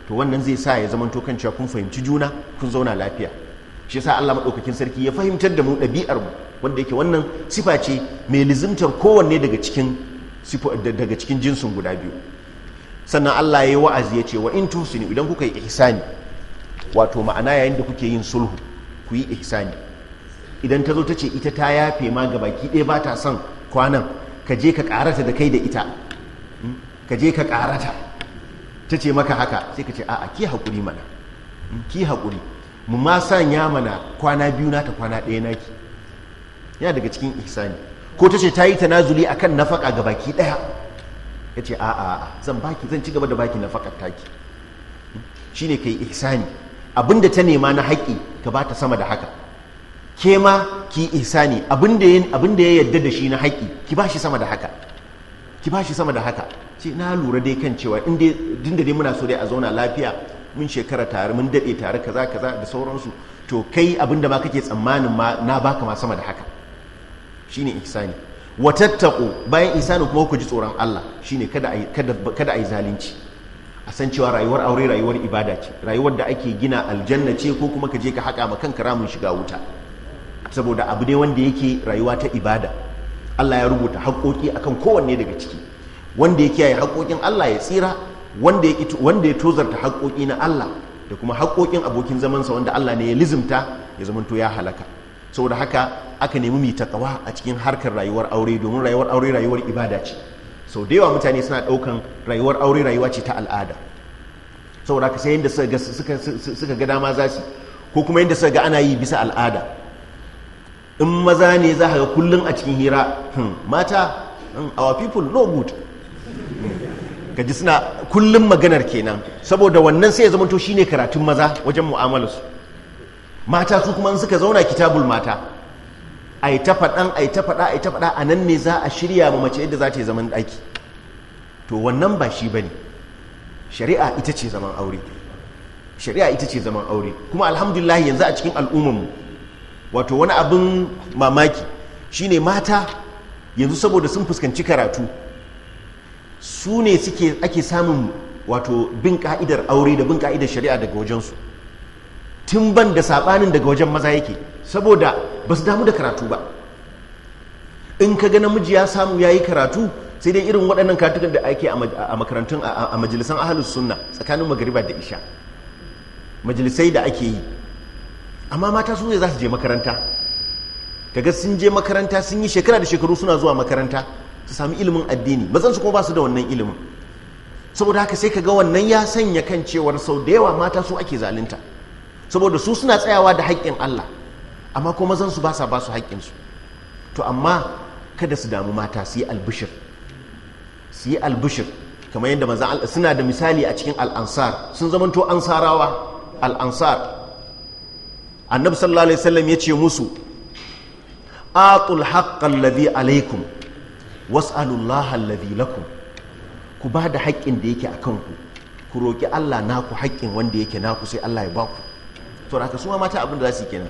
to wannan zai sa ya zamanto kan cewa kun fahimci juna kun zauna lafiya shi yasa Allah maɗaukakin sarki ya fahimtar da mu ɗabi'ar mu wanda yake wannan sifa ce mai lizimtar kowanne daga cikin daga cikin jinsin guda biyu sannan Allah ya yi wa'azi ya ce wa in tusini idan kuka yi ihsani wato ma'ana yayin da kuke yin sulhu ku yi ihsani idan ta zo ta ce ita ta yafe ma ga baki ɗaya ba ta son kwanan ka je ka karata da kai da ita hmm? ka je ka karata ta ce maka haka sai ka ce a'a ki haƙuri mana hmm, ki haƙuri mu ma sanya mana kwana biyu na ta kwana ɗaya naki yana daga cikin ihsani ko ta ce ta yi tanazuli akan nafaka ga baki ɗaya ya ce a'a zan baki zan ci gaba da baki nafakar taki hmm? shine kai ihsani Abin da ta nema na haƙƙi ka ba ta sama da haka ke ma ki ihsani abinda ya abinda ya yadda da shi na haƙƙi ki ba shi sama da haka ki ba shi sama da haka ce na lura dai kan cewa in dai dai muna so dai a zauna lafiya mun shekara tare mun daɗe tare kaza kaza da sauransu to kai abinda ma kake tsammanin ma na baka ma sama da haka shine ihsani watattaku bayan ihsani kuma ku ji tsoron Allah shine kada kada kada ai zalunci a san cewa rayuwar aure rayuwar ibada ce rayuwar da ake gina aljanna ce ko kuma ka je ka haƙa ma kanka ramin shiga wuta saboda abu ne wanda yake rayuwa ta ibada Allah ya rubuta haƙoƙi akan kowanne daga ciki wanda ya kiyaye haƙoƙin Allah ya tsira wanda ya tozarta haƙoƙi na Allah da kuma haƙoƙin abokin zamansa wanda Allah ne ya lizimta ya zamanto ya halaka saboda haka aka nemi mai takawa a cikin harkar rayuwar aure domin rayuwar aure rayuwar ibada ce sau da yawa mutane suna ɗaukan rayuwar aure rayuwa ce ta al'ada saboda ka sai yadda suka ga dama za su ko kuma yadda suka ga ana yi bisa al'ada in maza ne za ga kullum a cikin hira hmm, mata hmm, our people no good ka ji suna kullum maganar kenan saboda wannan sai ya zama to shine karatun maza wajen mu'amalarsu mata su kuma in suka zauna kitabul mata a yi ta faɗan a yi ta faɗa a yi ta faɗa a nan ne za a shirya ma mace yadda za ta yi zaman ɗaki to wannan ba shi ba ne shari'a ita ce zaman aure shari'a ita ce zaman aure kuma alhamdulillah yanzu a cikin al'ummanmu wato wani abin mamaki shine mata yanzu saboda sun fuskanci karatu su ne suke ake samun wato bin ka'idar aure da bin ka'idar shari'a daga wajensu tun ban da saɓanin daga wajen maza yake saboda ba su damu da karatu ba in ka ga namiji ya samu ya yi karatu sai dai irin waɗannan katukan da ake a makarantun a majalisan ahalus sunna tsakanin magariba da isha majalisai da ake yi amma mata su ne za su je makaranta kaga sun je makaranta sun yi shekara da shekaru suna zuwa makaranta su sami ilimin addini mazan su kuma ba su da wannan ilimin saboda haka sai kaga wannan ya sanya kan cewar sau da yawa mata su ake zalunta saboda su suna tsayawa da haƙƙin Allah amma ko mazan su ba sa ba su haƙƙinsu to amma kada su damu mata su yi albishir su yi albishir kamar yadda mazan suna da misali a cikin al'ansar sun zamanto ansarawa al'ansar annabi sallallahu alaihi wasallam ya ce musu atul haqqal ladhi alaikum was'alullaha alladhi lakum ku ba da haƙƙin da yake a kanku ku roƙi Allah naku haƙƙin wanda yake naku sai Allah ya baku to da haka mata abin da za su yi kenan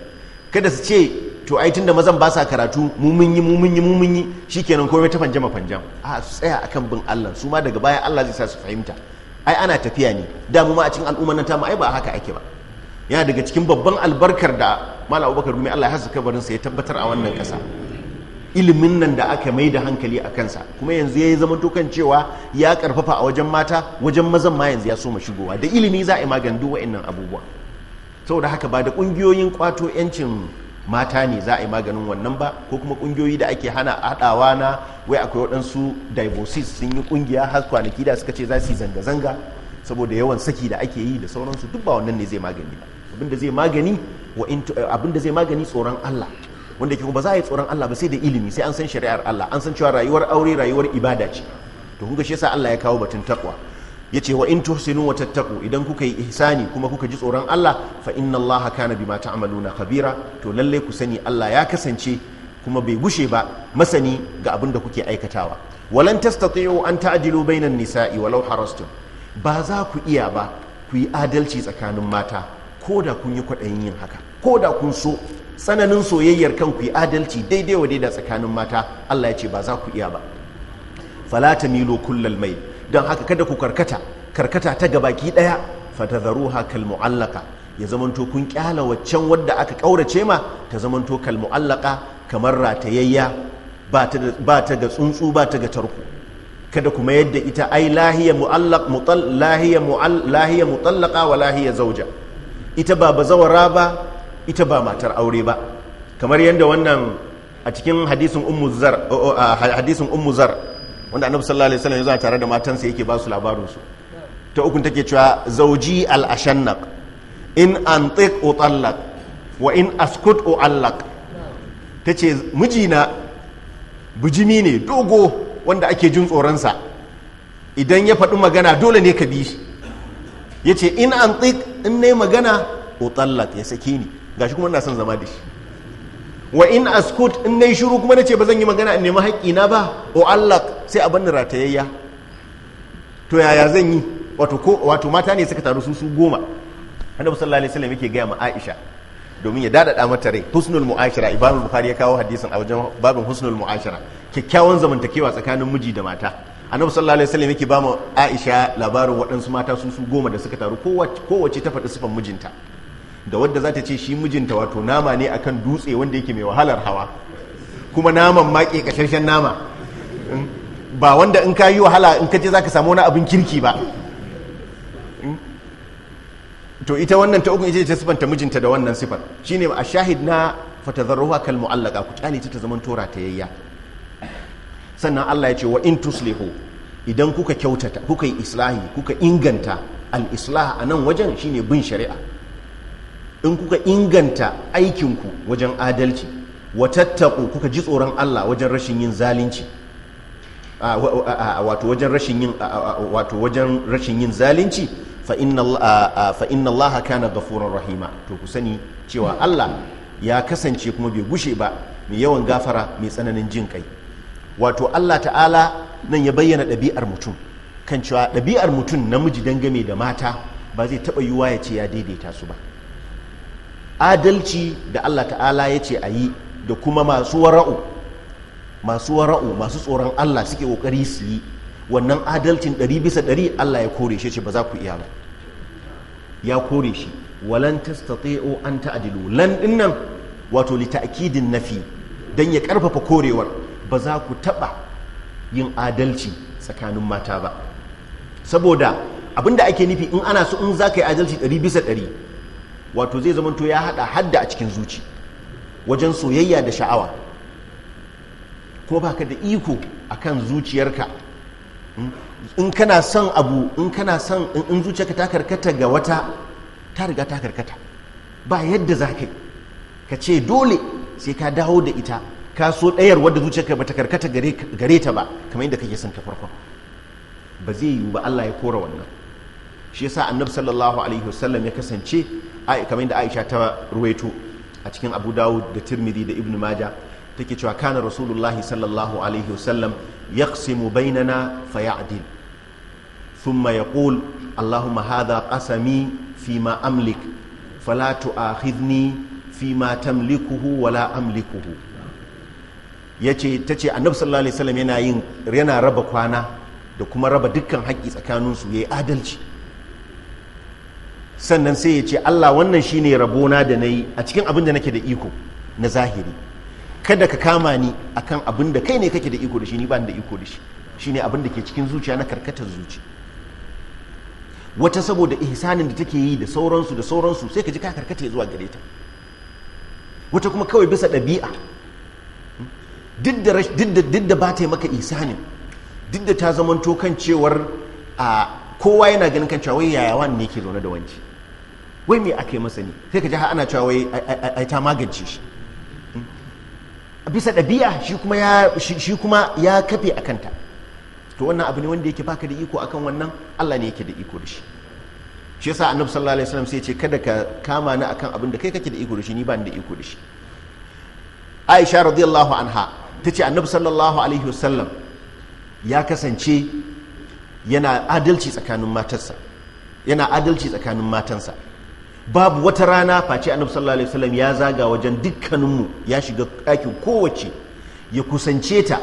kada su ce to ai tunda mazan ba sa karatu mu mun yi mu mun yi mu mun yi shikenan komai ta fanjama fanjam a su tsaya akan bin Allah su ma daga baya Allah zai sa su fahimta ai ana tafiya ne da mu ma a cikin al'umma nan mu ai ba haka ake ba yana daga cikin babban albarkar da malam Abubakar Rumi Allah ya hasa kabarin sa ya tabbatar a wannan kasa ilimin nan da aka mai da hankali a kansa kuma yanzu ya yi zama tukan cewa ya karfafa a wajen mata wajen mazan ma yanzu ya so ma shigowa da ilimi za a yi maganin duk wa'annan abubuwa saboda haka ba da ƙungiyoyin kwato 'yancin mata ne za a yi maganin wannan ba ko kuma ƙungiyoyi da ake hana haɗawa na wai akwai waɗansu divorces sun yi ƙungiya har kwanaki da suka ce za su yi zanga-zanga saboda yawan saki da ake yi da sauransu duk ba wannan ne zai magani ba da zai magani eh, abinda zai magani tsoron Allah wanda ke ba za a yi tsoron Allah ba sai da ilimi sai an san shari'ar Allah an san cewa rayuwar aure rayuwar ibada ce to kun ga shi yasa Allah ya kawo batun takwa yace wa in tuhsinu wa tattaku idan kuka yi ihsani kuma kuka ji tsoron Allah fa inna Allah kana bima ta'maluna khabira to lalle ku sani Allah ya kasance kuma bai gushe ba masani ga abin da kuke aikatawa walan tastati'u an ta'dilu bainan nisa'i walau harastum ba za ku iya ba ku yi adalci tsakanin mata ko da kun yi kwaɗayin yin haka ko da kun so tsananin soyayyar kan ku yi adalci daidai wa daidai tsakanin mata Allah ya ce ba za ku iya ba fala tamilu kullal mai. don haka kada ku karkata karkata ta gabaki daya ɗaya, kal kalmu'allaka ya zamanto kun kyala waccan wadda aka kaurace ma ta zamanto kal kamar ratayayya ba ta ga tsuntsu ba ta ga tarko kada kuma yadda ita ai lahiya mu'allaq mutal lahiya lahiya wa lahiya zauja ita ba bazawara ba ita ba matar aure ba kamar yadda wannan a cikin hadisin ummu wanda annabi sallallahu alaihi wasallam yana tare da matansa yake ba su labarin su ta ukun take cewa zauji al ashannaq in antiq utallaq wa in askut uallaq tace mijina bijimi ne dogo wanda ake jin tsoron sa idan ya faɗi magana dole ne ka bi shi yace in antiq in ne magana utallaq ya saki ni gashi kuma ina son zama da shi wa in askut in yi shiru kuma na ce ba zan yi magana in nemi haƙƙi na ba o Allah sai a bani ratayayya to yaya zan yi wato mata ne suka taru su su goma annabi sallallahu alaihi wasallam yake gaya ma Aisha domin ya dadada mata rai husnul mu'ashira ibn bukhari ya kawo hadisin a wajen babin husnul mu'ashira kyakkyawan zamantakewa tsakanin miji da mata annabi sallallahu alaihi wasallam yake ba mu Aisha labarin waɗansu mata su su goma da suka taru kowace ta faɗi sifan mijinta da wadda za ta ce shi mijinta wato nama ne akan dutse wanda yake mai wahalar hawa kuma naman ma ƙasashen nama hmm? ba wanda in ka yi wahala in ka za ka samu wani abin kirki ba hmm? to ita wannan ta uku ita ta sifanta mijinta da wannan sifar ne a shahid na fatazarruha kal mu'allaka ku kyale ta zaman tora ta yayya sannan Allah ya ce wa in tuslihu idan kuka kyautata kuka yi islahi kuka inganta al islah a nan wajen shine bin shari'a in kuka inganta aikinku wajen adalci wa kuka ji tsoron Allah wajen rashin yin zalunci wato wajen rashin yin wato fa inna Allah kana ghafurur rahima to ku sani cewa Allah ya kasance kuma bai gushe ba mai yawan gafara mai tsananin jin kai wato Allah ta'ala nan ya bayyana ɗabi'ar mutum kan cewa ɗabi'ar mutum namiji dangane da mata ba zai taɓa yiwuwa ya ce ya daidaita su ba adalci da Allah ta'ala ya ce a yi da kuma masu wara'u masu wara'u masu tsoron Allah suke kokari su yi wannan adalcin ɗari bisa ɗari Allah ya kore shi ce ba za ku iya ba ya kore shi walan tastati'u an ta'dilu lan dinnan wato li ta'kidin nafi dan ya karfafa korewar ba za ku taba yin adalci tsakanin mata ba saboda abinda ake nufi in ana so in za ka yi adalci ɗari bisa ɗari wato zai zamanto ya hada hadda a cikin zuci wajen soyayya da sha'awa ko baka da iko a kan zuciyarka hmm? in kana son abu in kana son in zuciyarka ta karkata ga wata ta riga ta ba yadda za ka ka ce dole sai ka dawo da ita ka so ɗayar wadda zuciyarka ba ta karkata gare ta ba kamar yadda kake son ta farko ba zai yiwu ba Allah ya kora wannan shi yasa annabi sallallahu alaihi wasallam ya kasance kamar da aisha ta ruwaito a cikin abu dawud da tirmidhi da ibn maja take cewa kana rasulullahi sallallahu alaihi wasallam yaqsimu bainana ya'dil thumma yaqul allahumma hadha qasami ma amlik fala tu'akhidhni ma tamlikuhu wala amlikuhu yace tace annabi sallallahu alaihi wasallam yana yin yana raba kwana da kuma raba dukkan haƙƙi tsakaninsu yayi adalci sannan sai ya ce Allah wannan shine rabona da na yi a cikin abin da nake da iko na zahiri kada ka kama ni akan abin da kai ne kake da iko da shi ni ba da iko da shi shine abin da ke cikin zuciya na karkatar zuci wata saboda ihsanin da take yi da sauransu da sauransu sai ka ji ka karkata zuwa gare ta wata kuma kawai bisa ɗabi'a duk da ba ta yi maka ihsanin duk da ta zamanto kan cewar a kowa yana ganin kan cewa wai yaya wani ne ke zaune da wanci wai me aka yi masa ne sai ka ji ana cewa wai ai ta magance shi hmm? bisa ɗabi'a shi kuma ya shi kuma ya kafe a kanta to wannan abu ne wanda yake baka da iko akan wannan Allah ne yake da iko da shi shi yasa annabi sallallahu alaihi wasallam sai ya ce kada ka kama ni akan abin da kai kake da iko da shi ni ba ni da iko da shi Aisha radiyallahu anha tace annabi sallallahu alaihi wasallam ya kasance yana adalci tsakanin matarsa yana adalci tsakanin matansa babu wata rana face annabi sallallahu alaihi ya zaga wajen dukkaninmu ya shiga ɗakin kowace ya kusance ta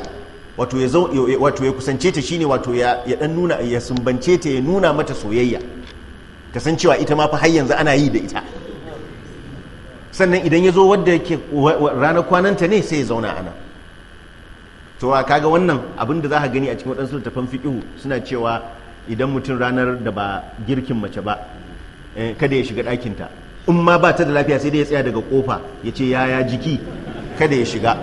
wato ya wato ya kusance ta shine wato ya ya dan nuna ya sumbance ta ya nuna mata soyayya kasancewa ita ma fa har yanzu ana yi da ita sannan idan ya zo wadda yake ranar kwananta ne sai ya zauna ana to kaga wannan abin da za ka gani a cikin waɗansu tafan fiƙihu suna cewa idan mutum ranar da ba girkin mace ba Eh, kada ya shiga ɗakinta in ma ba ta da lafiya sai dai ya tsaya daga kofa ya ce yaya jiki kada ya shiga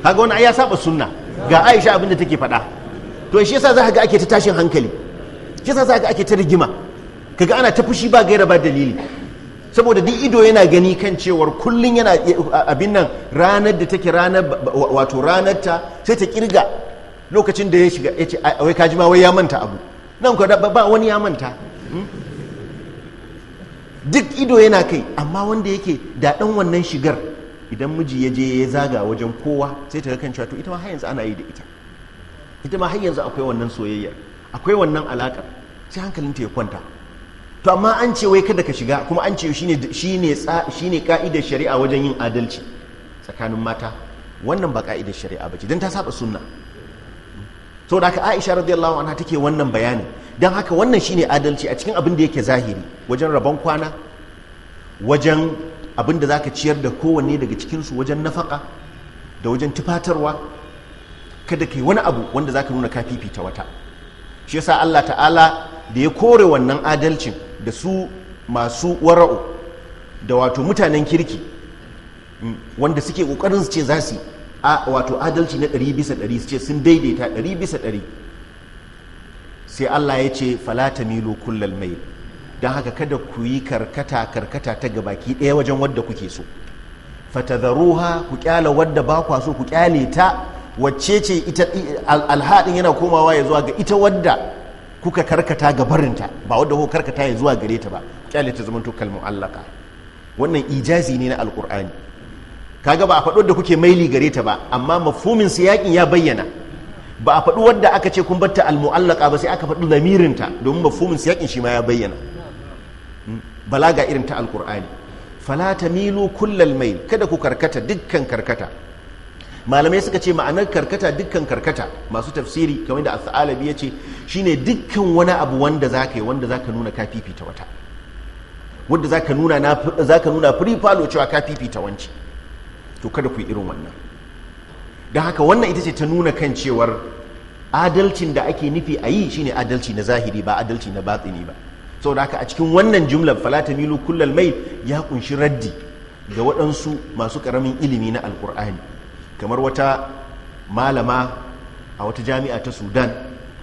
kaga wani ya saba sunna ga aisha abinda take faɗa to shi yasa za ga ake ta tashin hankali shi yasa za ga ake ta rigima kaga ana ta fushi ba gaira ba dalili saboda duk ido yana gani kan cewar kullun yana abin nan ranar da take ranar wato ranar ta sai ta kirga lokacin da ya shiga ya ce wai kaji ma wai ya manta abu nan ba wani ya manta hmm? duk ido yana kai amma wanda yake daɗin wannan shigar idan miji ya je ya zaga wajen kowa sai ta kan cewa to ita ma har ana yi da ita ita ma har akwai wannan soyayyar akwai wannan alaƙar sai hankalinta ya kwanta to amma an ce wai kada ka shiga kuma an ce shine shine shine shari'a wajen yin adalci tsakanin mata wannan ba ka'idar shari'a bace dan ta saba sunna da haka Aisha radiyallahu anha take wannan bayani don haka wannan shine adalci a cikin abin da yake zahiri wajen rabon kwana wajen abin da zaka ciyar da kowanne daga cikinsu wajen nafaka da wajen tufatarwa kada kai wani abu wanda zaka nuna ka fifita wata shi yasa Allah ta'ala da ya kore wannan adalcin da su masu wara'u da wato mutanen kirki mm, wanda suke kokarin su ce za su yi wato adalci na ɗari bisa ɗari su ce sun daidaita ɗari bisa ɗari sai Allah ya ce falata milo kullal mai don haka kada ku yi karkata karkata ta gabaki ɗaya wajen wadda kuke so fatadharuha ku kyala wadda ba kwa so ku kyale ta wacce ce ita alhadin yana komawa ya zuwa ga ita wadda kuka karkata ga barinta ba wadda kuka karkata ya zuwa gare ta ba kyale ta zamanto kalmu allaka wannan ijazi ne na alkur'ani ka ga ba a faɗo da kuke maili gare ta ba amma su siyakin ya bayyana ba a faɗi wadda aka ce kun batta almu'allaka ba sai aka faɗi lamirinta domin su siyakin shi ma ya bayyana hmm, balaga irin ta alkur'ani fala milu kullal mail kada ku karkata dukkan karkata malamai suka ce ma'anar karkata dukkan karkata masu tafsiri kamar da as ya ce shine dukkan wani abu wanda zaka yi wanda zaka nuna ka fifita wata wanda zaka nuna nuna free cewa ka fifita wanci to kada ku yi irin wannan don haka wannan ita ce ta nuna kan cewar adalcin da ake nufi a yi shine adalci na zahiri ba adalci na batsini ba saboda haka a cikin wannan jumlar falata milu kullal mai ya kunshi raddi ga waɗansu masu ƙaramin ilimi na alkur'ani kamar wata malama a wata jami'a ta sudan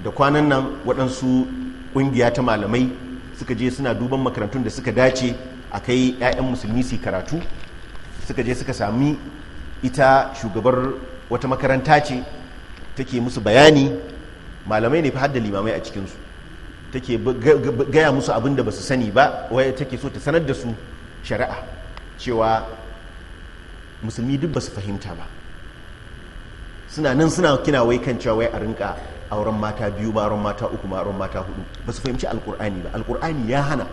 da kwanan nan waɗansu ƙungiya ta malamai suka je suna duban makarantun da suka dace a kai 'ya'yan musulmi su karatu suka je suka sami ita shugabar wata makaranta ce take musu bayani malamai ne fi hadda limamai a cikinsu take gaya musu abin da ba su sani ba waya take so ta sanar da su shari'a cewa musulmi duk ba su fahimta ba suna nan suna kina wai kan cewa wai a rinka auren mata biyu ba auren mata uku ba auren mata hudu ba su fahimci alkur'ani ba alkur'ani ya hana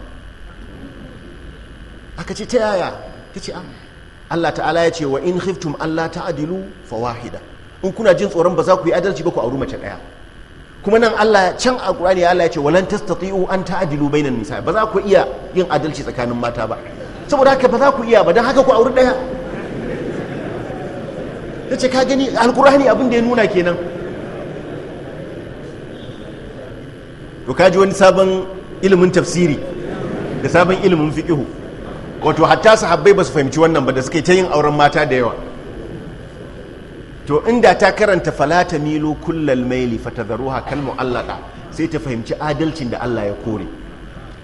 aka ce ta yaya ta ce ah, Allah ta'ala ya ce wa in khiftum Allah fa wahida in kuna jin tsoron ba za ku yi adalci ba ku auri mace daya kuma nan Allah can a Qur'ani Allah ya ce walan tastati'u an ta'dilu bainan nisa ba za ku iya yin adalci tsakanin mata ba saboda haka ba za ku iya ba dan haka ku auri daya yace ka gani alqur'ani abin da ya nuna kenan to kaji wani sabon ilimin tafsiri da sabon ilimin fikihu. wato hatta sahabbai ba su fahimci wannan ba da suke ta yin auren mata da yawa to inda ta karanta falata milo kullal maili fatadharuha kal mu'allaqa sai ta fahimci adalcin da Allah ya kore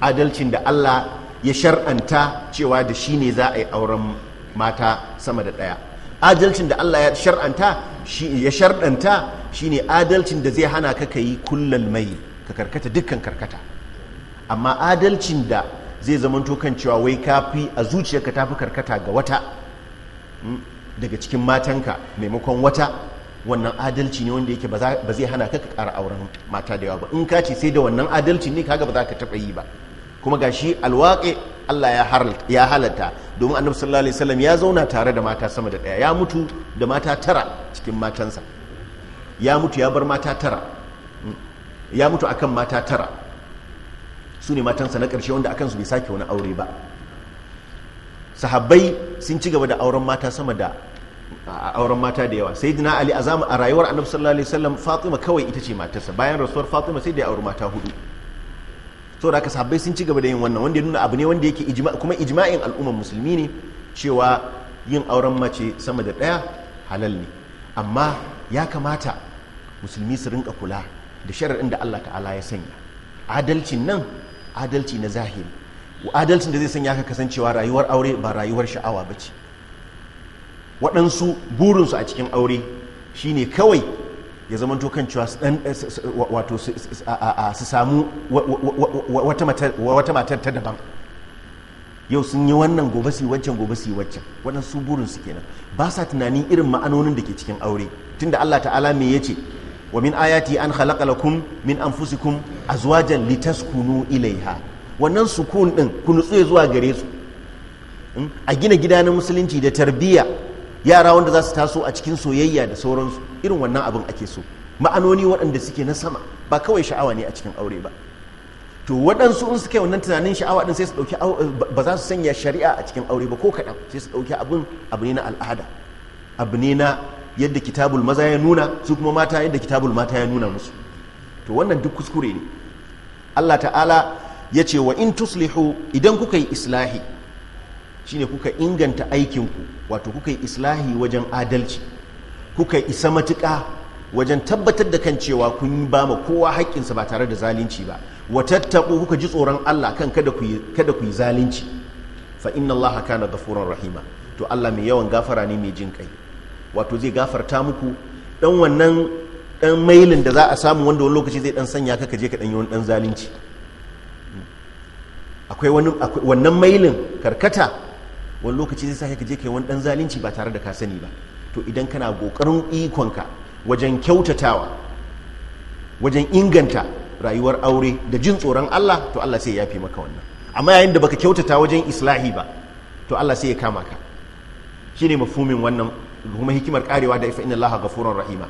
adalcin da Allah ya shar'anta cewa da shi ne za a yi auren mata sama da ɗaya adalcin da Allah ya shar'anta shi ya shar'anta shine adalcin da zai hana ka kai kullal mai ka karkata dukkan karkata amma adalcin da zai zamanto kan cewa wai kafi a zuciyarka tafi karkata ga wata mm, daga cikin matanka maimakon wata wannan adalci ne wanda yake ba zai hana ka ƙara auren mata da yawa ba in ka ce sai da wannan adalci ne kaga ba za ka taɓa yi ba kuma gashi alwaƙe Allah ya halatta domin annabi sallallahu alaihi wasallam ya zauna tare da mata sama da ɗaya ya mutu da mata tara cikin matansa ya mutu ya bar mata tara mm, ya mutu akan mata tara su ne matansa na ƙarshe wanda akan su bai sake wani aure ba sahabbai sun ci gaba da auren mata sama da auren mata da yawa sai dina ali a a rayuwar annabi sallallahu alaihi wasallam fatima kawai ita ce matarsa bayan rasuwar fatima sai da ya auri mata hudu to da sahabbai sun ci gaba da yin wannan wanda ya nuna abu ne wanda yake ijma kuma ijma'in al'ummar musulmi ne cewa yin auren mace sama da daya halal ne amma ya kamata musulmi su rinka kula da shari'in da Allah ta'ala ya sanya adalcin nan adalci na zahiri adalcin da zai sanya ka kasancewa rayuwar aure ba rayuwar sha'awa ba ce waɗansu burinsu a cikin aure shine kawai ya zamanto kan cewa eh, wato su samu wata matar ta daban yau sun yi wannan gobe su wancan gobe su wancan waɗansu burinsu kenan ba sa tunanin irin ma'anonin da ke cikin aure tunda allah ta'ala me ya ce wa min ayati an khalaqa lakum min anfusikum azwajan litaskunu ilaiha wannan sukun din ku nutsu zuwa gare su hmm? a gina gida na musulunci da tarbiyya yara wanda za su taso a cikin soyayya da sauransu irin wannan abin ake so ma'anoni waɗanda suke na sama ba kawai sha'awa ne a cikin aure ba to waɗansu in suka yi wannan tunanin sha'awa din sai su ɗauki ba za su sanya shari'a a cikin aure ba ko kaɗan sai su ɗauki abin abu ne na al'ada abu ne na yadda kitabul maza ya nuna su kuma mata yadda kitabul mata ya nuna musu to wannan duk kuskure ne Allah ta'ala ya ce wa in tuslihu idan kuka yi islahi shine kuka inganta aikinku wato kuka yi islahi wajen adalci kuka isa matuka wajen tabbatar da kan cewa kun yi ba ma kowa haƙƙinsa ba tare da zalunci ba wa tattaku kuka ji tsoron Allah kan kada ku yi zalunci fa inna Allah kana gafuran rahima to Allah mai yawan gafara ne mai jin kai wato zai gafarta muku dan wannan dan mailin da za a samu wanda wani lokaci zai dan sanya ka je ka dan yi wani dan zalunci akwai wani wannan mailin karkata wani lokaci zai sake kaje je kai wani dan zalunci ba tare da ka sani ba to idan kana kokarin ka wajen kyautatawa wajen inganta rayuwar aure da jin tsoron Allah to Allah sai ya yafe maka wannan amma yayin da baka kyautata wajen islahi ba to Allah sai ya kama ka shine mafhumin wannan kuma hikimar karewa da ifa inna allaha rahima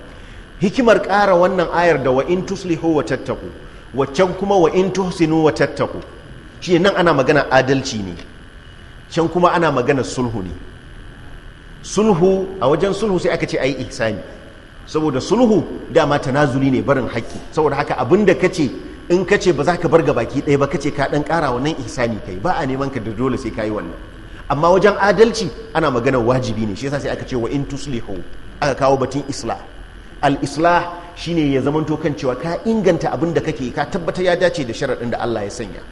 hikimar kara wannan ayar da wa in tuslihu wa tattaku waccan kuma wa in tuhsinu wa tattaku shi nan ana magana adalci ne can kuma ana magana sulhu ne sulhu a wajen sulhu sai aka ce ayi ihsani saboda sulhu dama tanazuli ne barin haƙƙi saboda haka abin da kace in kace ba za ka bar gabaki ɗaya ba kace ka ɗan ƙara wannan ihsani kai ba a neman ka da dole sai ka yi wannan amma wajen adalci ana maganar wajibi ne shi yasa sai aka ce wa in tuslihu aka kawo batun islah al islah ne ya zamanto kan cewa ka inganta abin da kake ka tabbata ya dace da sharaɗin da Allah ya sanya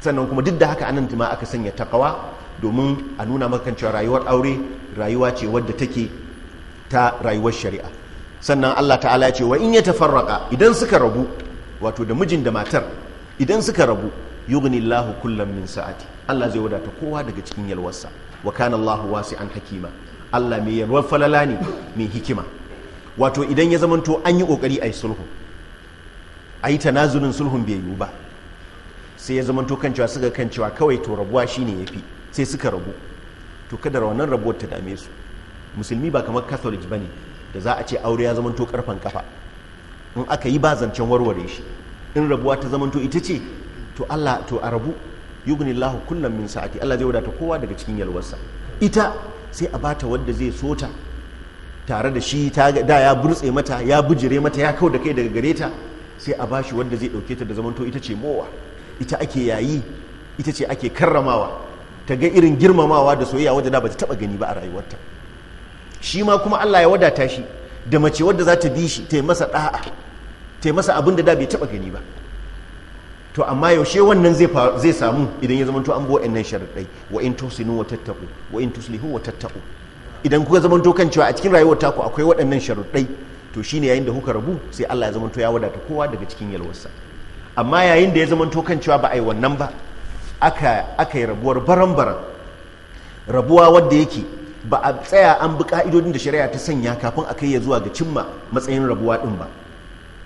sannan kuma duk da haka anan ma aka sanya takawa domin a nuna maka kan cewa rayuwar aure rayuwa ce wadda take ta rayuwar shari'a sannan Allah ta'ala ya ce wa in ya tafarraka idan suka rabu wato da mijin da matar idan suka rabu yughnillahu kullam min sa'ati Allah zai wadata kowa daga cikin yalwarsa wa kana Allah wasi'an hakima Allah mai yalwar falala ne mai hikima wato idan ya zamanto an yi kokari a yi sulhu a yi tanazunin sulhun bai yiwu ba sai ya zamanto kan cewa suka kan cewa kawai to rabuwa shine fi sai suka rabu to kada wannan rabuwar ta dame su musulmi ba kamar catholic ne da za a ce aure ya zamanto karfan kafa in aka yi ba zancen warware shi in rabuwa ta zamanto ita ce to Allah to a rabu yughnillahu kullum min sa'ati Allah zai wadata kowa daga cikin yalwarsa ita sai a bata wanda zai sota tare da shi ta da ya burtse mata ya bujire mata ya kau da kai daga gare ta sai a bashi wanda zai dauke ta da zamanto ita ce mowa ita ake yayi ita ce ake karramawa ta ga irin girmamawa da soyayya wadda da ba ta taba gani ba a rayuwarta shi ma kuma Allah ya wadata shi da mace wadda za ta bi shi ta yi masa da'a ta yi masa abin da da bai taba gani ba to amma yaushe wannan zai samu idan ya zamanto an bo nan sharaɗai wa in tusinu wa tattaku wa in tuslihu wa tattaku idan kuka zamanto kan cewa a cikin rayuwar taku akwai waɗannan sharaɗai to shine yayin da kuka rabu sai Allah ya zamanto ya wadata kowa daga cikin yalwarsa amma yayin da ya zamanto kan cewa ba a yi wannan ba aka yi rabuwar baran-baran rabuwa wadda yake ba a tsaya an bi ka'idodin da shari'a ta sanya kafin a kai ya zuwa ga cimma matsayin rabuwa din ba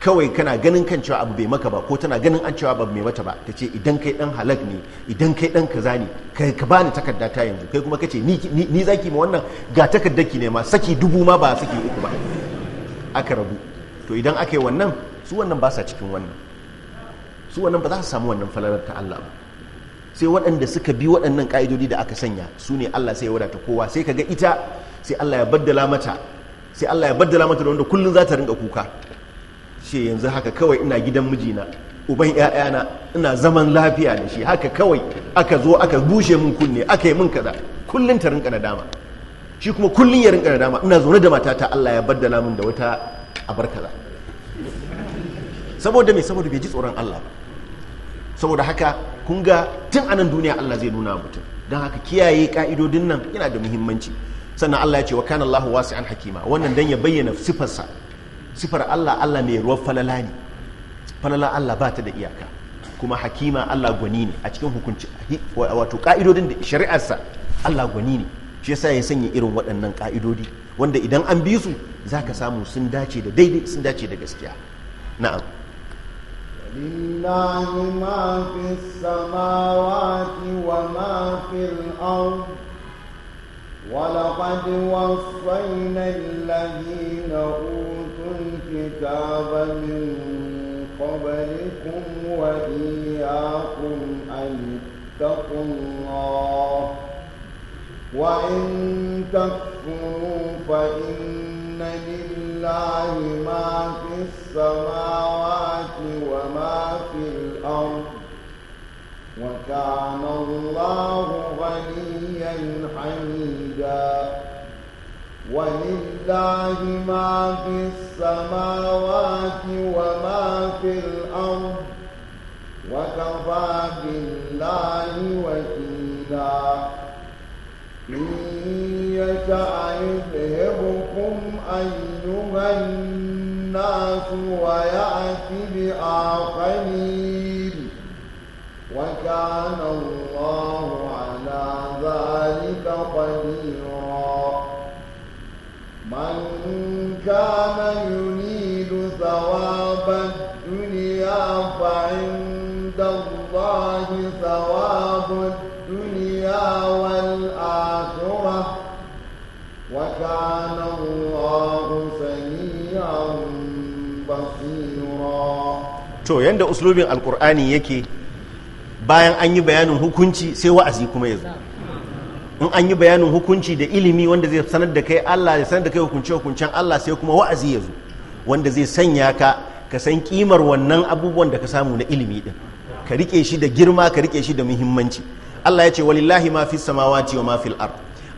kawai kana ganin kan cewa abu bai maka ba ko tana ganin an cewa abu bai mata ba ta ce idan kai dan halak ne idan kai dan kaza ne kai ka bani takarda ta yanzu kai kuma kace ni ni zaki ma wannan ga ki ne ma saki dubu ma ba saki uku ba aka rabu to idan aka yi wannan su wannan ba sa cikin wannan su wannan ba za su samu wannan falalar ta Allah ba sai waɗanda suka bi waɗannan ƙa'idodi da aka sanya su ne Allah sai ya wadata kowa sai ka ga ita sai Allah ya baddala mata sai Allah ya baddala mata da wanda kullum za ta ringa kuka shi yanzu haka kawai ina gidan mijina uban ‘ya'yana ina zaman lafiya da shi haka kawai aka zo aka bushe min kunne aka yi min kaza kullum ta rinka dama. shi kuma kullum ya rinka dama ina zaune da matata Allah ya baddala min da wata abar kaza saboda me saboda bai ji tsoron Allah ba saboda haka kun ga tun anan duniya Allah zai nuna mutum don haka kiyaye ka'idodin nan yana da muhimmanci sannan Allah ya ce wa kana Allahu wasi'an hakima wannan dan ya bayyana sifarsa sifar Allah Allah mai ruwan falala ne falala Allah ba ta da iyaka kuma hakima Allah gwani ne a cikin hukunci wato ƙa'idodin da shari'arsa Allah gwani ne shi yasa ya sanya irin waɗannan ƙa'idodi, wanda idan an bi su za zaka samu sun dace da daidai sun dace da gaskiya na'am لله ما في ولقد وصينا الكتاب من قبلكم وإياكم أن اتقوا الله وإن تكفروا فإن لله ما في السماوات وما في الأرض وكان الله غنيا حميدا ولله ما في السماوات وما في الأرض وكفى بالله وكيلا إن يشأ يذهبكم أيها الناس ويأتي بآخرين وكان الله to yanda uslubin alkur'ani yake bayan an yi bayanin hukunci sai wa'azi kuma ya zo in an yi bayanin hukunci da ilimi wanda zai sanar da kai Allah ya sanar da kai hukunce hukuncen Allah sai kuma wa'azi ya zo wanda zai sanya ka ka san kimar wannan abubuwan da ka samu na ilimi din ka rike shi da girma ka rike shi da muhimmanci Allah ya ce walillahi ma fi samawati wa ma fil ard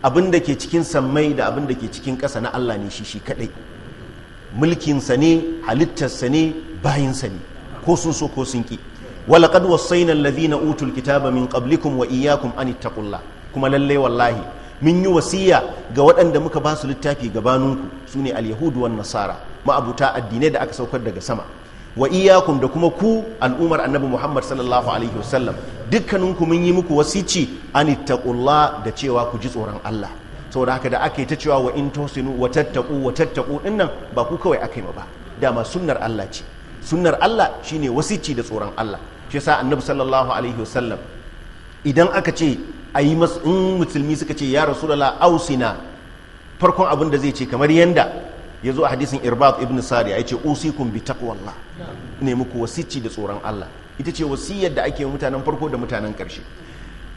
abin da ke cikin sammai da abin da ke cikin ƙasa na Allah ne shi shi kadai mulkinsa ne halittarsa ne bayinsa ne ko sun so ko sun ki walaqad wasayna alladhina utul kitaba min qablikum wa iyyakum an ittaqullah kuma lalle wallahi mun yi wasiya ga waɗanda muka ba su littafi gabaninku sune alyahudu wan nasara ma'abuta addinai da aka saukar daga sama wa iyakum da kuma ku al'umar annabi Muhammad sallallahu alaihi wasallam dukkaninku mun yi muku wasici ittaqulla da cewa ku ji tsoron Allah saboda haka da ake ta cewa wa intusinu wa tattaqu wa tattaqu dinnan ba ku kawai akai ma ba dama sunnar Allah ce sunnar Allah shine wasici da tsoron Allah shi yasa annabi sallallahu alaihi wasallam idan aka ce ayi mas in musulmi suka ce ya rasulullah ausina farkon abin da zai ce kamar yanda ya zo a hadisin irbat ibn sari ya ce usikun bi taqwallah ne muku wasici da tsoron Allah ita ce wasiyar da ake mutanen farko da mutanen karshe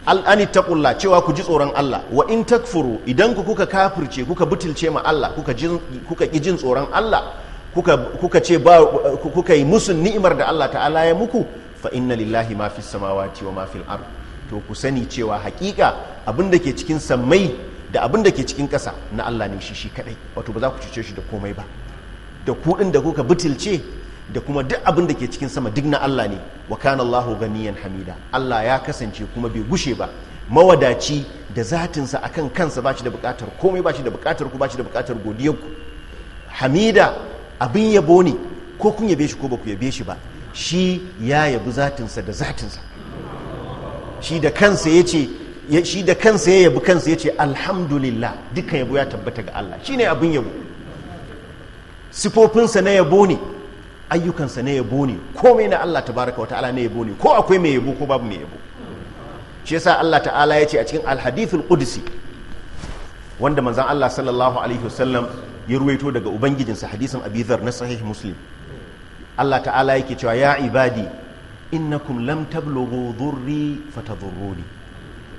al'ani taqulla cewa ku ji tsoron Allah wa in takfuru idan ku kuka kafirce kuka butulce ma Allah kuka ƙi ki jin tsoron Allah kuka ce ba kuka yi musu ni'imar da Allah ta'ala ya muku fa inna lillahi ma fis samawati wa ma fil ard to ku sani cewa hakika abin da ke cikin sammai da abin da ke cikin ƙasa na Allah ne shi shi kadai wato ba za ku cuce shi da komai ba da kuɗin da kuka bitilce da kuma duk abin da ke cikin sama duk na Allah ne wa kana Allah ganiyan hamida Allah ya kasance kuma bai gushe ba mawadaci da zatinsa akan kansa ba shi da bukatar komai ba shi da bukatar ku ba shi da bukatar godiyar ku hamida abin yabo ne ko kun yabe shi ko ba ku yabe shi ba shi ya yabi zatinsa da zatinsa shi da kansa ya ce shi da kansa ya yabi kansa ya ce alhamdulillah duka yabo ya tabbata ga Allah shi ne abin yabo sifofinsa na yabo ne ayyukansa na yabo ne komai na Allah tabaraka wa ta'ala na yabo ne ko akwai mai yabo ko babu mai yabo shi yasa Allah ta'ala ya ce a cikin alhadithul qudsi wanda manzan Allah sallallahu alaihi wasallam ya ruwaito daga ubangijin sa hadisin Abi Dharr na sahih Muslim Allah ta'ala yake cewa ya ibadi innakum lam tablughu dhurri fatadhurruni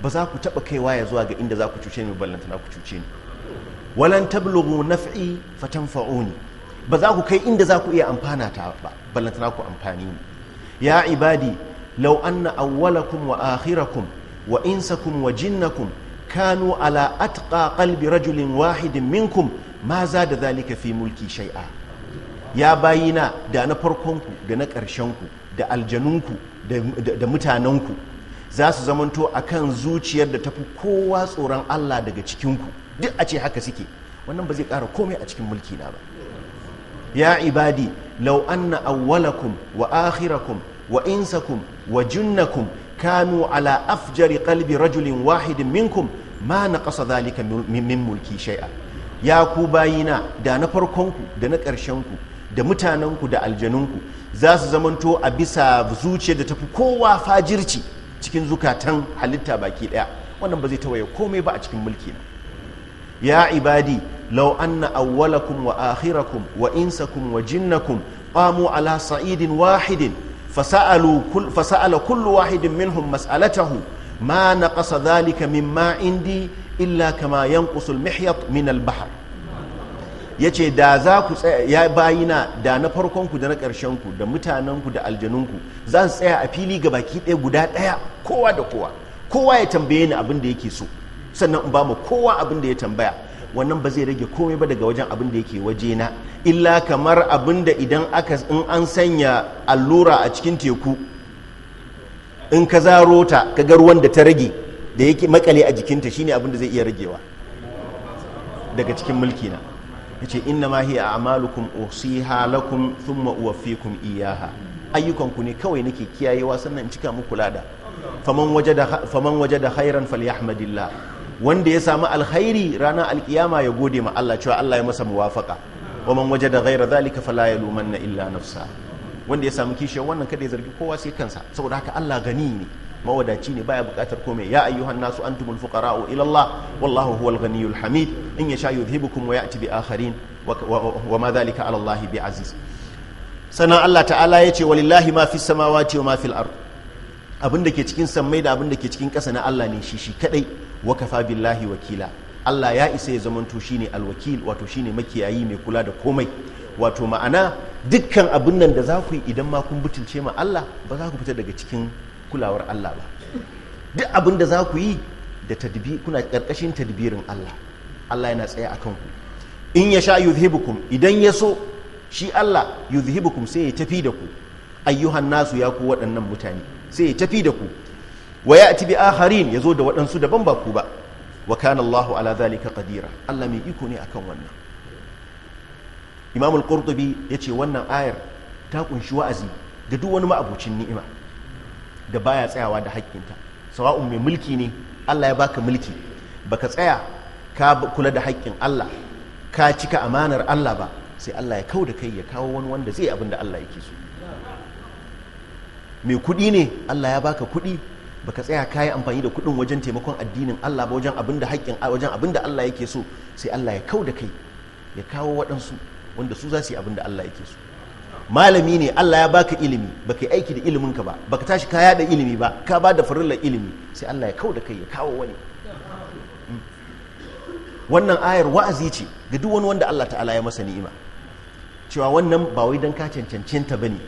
ba za ku taɓa kaiwa ya zuwa ga inda za ku cuce ni ballanta na ku cuce ni walan tablughu naf'i fatanfa'uni ba za ku kai inda za ku iya amfana ta ba ballanta na ku amfani ni ya ibadi law anna awwalakum wa akhirakum wa insakum wa jinnakum kanu ala atqa qalbi rajulin wahidin minkum ma za da zalika fi mulki shai'a ya bayina da na farkonku da na ƙarshenku da aljanunku da mutanenku za su zamanto a kan zuciyar da tafi kowa tsoron allah daga cikinku duk a ce haka suke wannan ba zai ƙara komai a cikin mulki na ba ya ibadi law awwalakum wa akhirakum wa insakum wa jinnakum kanu ala afjari qalbi rajulin wahidin minkum ma na naqasa dhalika min mulki shay'a ya ku bayina da na farkonku da na ƙarshenku da mutanenku da aljanunku za su zamanto a bisa zuciyar da tafi kowa fajirci cikin zukatan halitta baki daya wannan ba zai tawaye komai ba a cikin mulki na ya ibadi law anna awwalakum wa akhirakum wa insakum wa jinnakum qamu ala sa'idin wahidin fasalu kull fasala kullu wahidin minhum mas'alatahu ma naqasa dhalika mimma indi illa kama yanqusu al-mihyat min al-bahr ya ce da za ku ya bayina da na farkonku da na ƙarshenku da mutanenku da aljanunku za su tsaya a fili ga baki ɗaya guda ɗaya kowa da kowa kowa ya tambaye ni abin da yake so sannan in ba mu kowa abin da ya tambaya wannan ba zai rage komai ba daga wajen abin da yake waje na illa kamar abin da idan aka in an sanya allura a cikin teku in ka zaro ta ka ga ruwan da ta rage da yake makale a jikinta shine abin da zai iya ragewa daga cikin mulki na yace inna ma hiya a'malukum usiha lakum thumma uwaffikum iyaha ayyukan ku ne kawai nake kiyayewa sannan cika muku lada faman wajada faman wajada khairan falyahmadillah wanda ya samu alkhairi ranar alkiyama ya gode ma Allah cewa Allah ya masa muwafaka waman wajada ghaira zalika fala yalumanna illa nafsa wanda ya samu kishiyar wannan kada ya zargi kowa sai kansa saboda haka Allah gani ne mawadaci ne baya bukatar komai ya ayyuhan nasu antumul fuqara'u ila Allah wallahu huwal ghaniyul hamid in yasha yudhibukum wa ya'ti bi akharin wa ma dhalika ala Allah bi aziz sana Allah ta'ala yace walillahi ma fis samawati wa ma fil ard abinda da ke cikin sammai da abinda ke cikin kasa na Allah ne shi shi kadai wa kafa billahi wakila Allah ya isa ya shi shine alwakil wato shine makiyayi mai kula da komai wato ma'ana dukkan abin nan da za ku yi idan ma kun butulce ma Allah ba za ku fita daga cikin kulawar Allah ba duk abin da za ku yi da tadbi kuna karkashin tadbirin Allah Allah yana tsaye a kanku in ya sha yuzhibukum idan ya so shi Allah yuzhibukum sai ya tafi da ku ayyuhan nasu ya ku waɗannan mutane sai ya tafi da ku wa ya bi akharin yazo zo da waɗansu daban ba ku ba wa kana Allahu ala zalika qadira Allah mai iko ne akan wannan Imam al-Qurtubi yace wannan ayar ta kunshi wa'azi da duk wani ma'abucin ni'ima da baya tsayawa da haƙƙinta sawa'un mai mulki ne Allah ya baka mulki baka tsaya ka kula da haƙƙin Allah ka cika amanar Allah ba sai Allah ya kau da kai ya kawo wani wanda zai abin da Allah yake so mai kuɗi ne Allah ya baka kuɗi baka tsaya ka yi amfani da kuɗin wajen taimakon addinin Allah ba wajen abin da haƙƙin wajen abin da Allah yake so sai Allah ya kau da kai ya kawo waɗansu wanda su za su yi abin da Allah yake so malami ne Allah ya baka ilimi baka yi aiki da ilimin ka ba ka tashi kaya da ilimi ba ka ba da farillar ilimi sai Allah ya kau da kai ya kawo wani mm. wannan ayar wa'azi ce ga duk wani wanda Allah ta'ala ya masa ni'ima cewa wannan ba wai dan ka cancance ta bane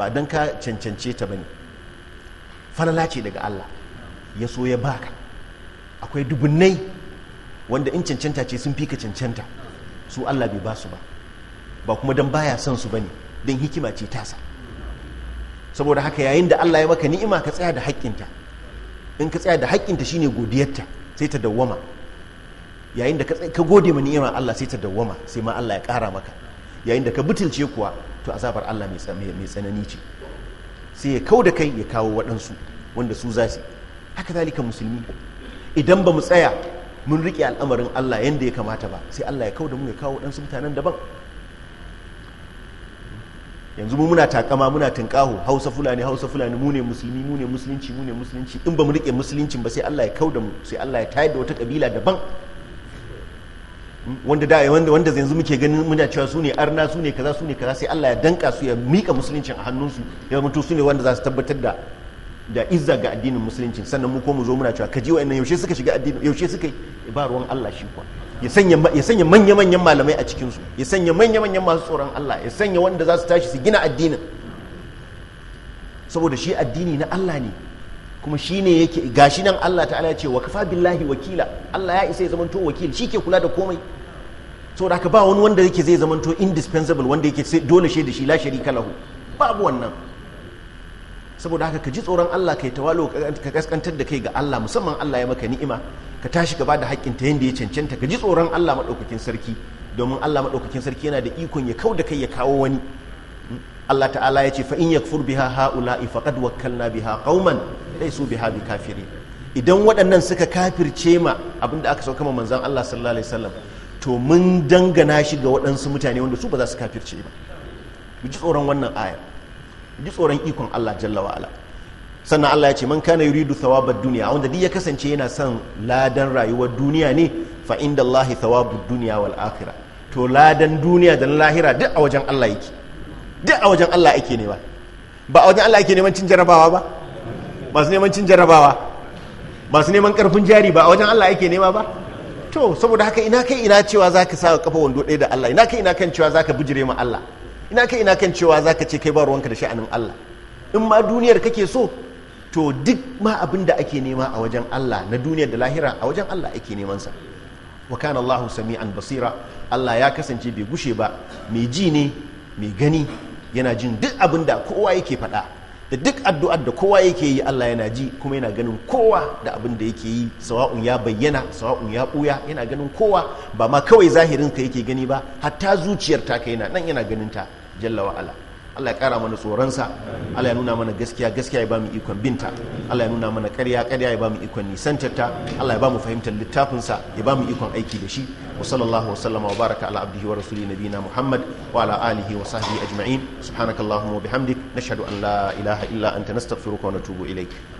ba dan ka cancance ta bane falala ce daga Allah ya so ya baka akwai dubunnai wanda in cancanta ce sun fi ka cancanta su Allah bai ba su ba ba kuma dan baya son su bane don hikima ce tasa saboda haka yayin da Allah ya maka ni'ima ka tsaya da haƙƙinta in ka tsaya da haƙƙinta shine godiyarta sai ta dawwama yayin da ka gode ma ni'ima Allah sai ta dawwama sai ma Allah ya ƙara maka yayin da ka butulce kuwa to azabar Allah mai tsanani ce sai ya kau da kai ya kawo waɗansu wanda su za su haka zalika musulmi idan ba mu tsaya mun riƙe al'amarin Allah yadda ya kamata ba sai Allah ya kau da mu ya kawo waɗansu mutanen daban yanzu mu muna takama muna tunƙaho hausa fulani hausa fulani mu ne musulmi mu ne musulunci mu ne musulunci in ba mu rike musuluncin ba sai Allah ya kauda mu sai Allah ya tayar da wata kabila daban wanda da wanda wanda yanzu muke ganin muna cewa su ne arna su ne kaza su ne kaza sai Allah ya danka su ya mika musuluncin a hannunsu ya mutu su ne wanda za su tabbatar da da izza ga addinin musulunci sannan mu ko mu zo muna cewa kaji wa'annan yaushe suka shiga addinin yaushe suka yi ba ruwan Allah shi kuwa ya sanya manya-manyan malamai a cikinsu ya sanya manya-manyan masu tsoron Allah ya sanya wanda za su tashi su gina addinin saboda shi addini na Allah ne kuma shi ne yake gashi nan Allah ta'ala ya ce wa kafa billahi wakila Allah ya isa ya zamanto wakil shi ke kula da komai saboda haka ba wani wanda yake zai zamanto indispensable wanda yake dole shi da shi la sharika lahu babu wannan saboda haka ka ji tsoron Allah ka yi tawalo ka kaskantar da kai ga Allah musamman Allah ya maka ni'ima ka tashi ka bada haƙƙin ta yanda ya cancanta ka ji tsoron Allah maɗaukakin sarki domin Allah maɗaukakin sarki yana da ikon ya kau da kai ya kawo wani Allah ta'ala ya ce fa in yakfur biha haula, fa qad wakkalna biha qauman laysu biha bikafirin idan waɗannan suka kafirce ma abin da aka sauka ma manzon Allah sallallahu alaihi wasallam to mun dangana shi ga waɗansu mutane wanda su ba za su kafirce ba mu ji tsoron wannan ayar ji tsoron ikon Allah jalla wa ala sannan Allah ya ce man kana yuridu thawabad duniya wanda duk ya kasance yana son ladan rayuwar duniya ne fa inda Allah thawabud duniya wal akhirah to ladan duniya da lahira duk a wajen Allah yake duk a wajen Allah yake ne ba Ba a wajen Allah yake neman cin jarabawa ba masu neman cin jarabawa masu neman karfin jari ba a wajen Allah ake nema ba to saboda haka ina kai ina cewa zaka sa kafa wando ɗaya da Allah ina kai ina kan cewa zaka bijire ma Allah ina kai ina kan cewa zaka ce kai ba ruwanka da sha'anin Allah in ma duniyar kake so to duk ma abin da ake nema a wajen Allah na duniyar da lahira a wajen Allah ake neman sa wa kana Allahu sami'an basira Allah ya kasance bai gushe ba mai ji ne mai gani yana jin duk abin da kowa yake faɗa da duk addu'ar da kowa yake yi Allah yana ji kuma yana ganin kowa da abin da yake yi sawa'un ya bayyana sawa'un ya ɓuya yana ganin kowa ba ma kawai zahirin ka yake gani ba hatta zuciyar ta kai na nan yana ganin ta jalla wa'ala Allah ya kara mana tsoronsa Allah ya nuna mana gaskiya gaskiya ya ba mu ikon binta Allah ya nuna mana ƙarya ƙarya ya ba mu ikon nisantarta Allah ya ba mu fahimtar littafinsa ya ba mu ikon aiki da shi wa sallallahu wa wa baraka ala abdihi wa rasuli nabina Muhammad wa ala alihi wa sahbihi ajma'in subhanakallahumma wa bihamdik nashhadu an la ilaha illa anta nastaghfiruka wa natubu ilaik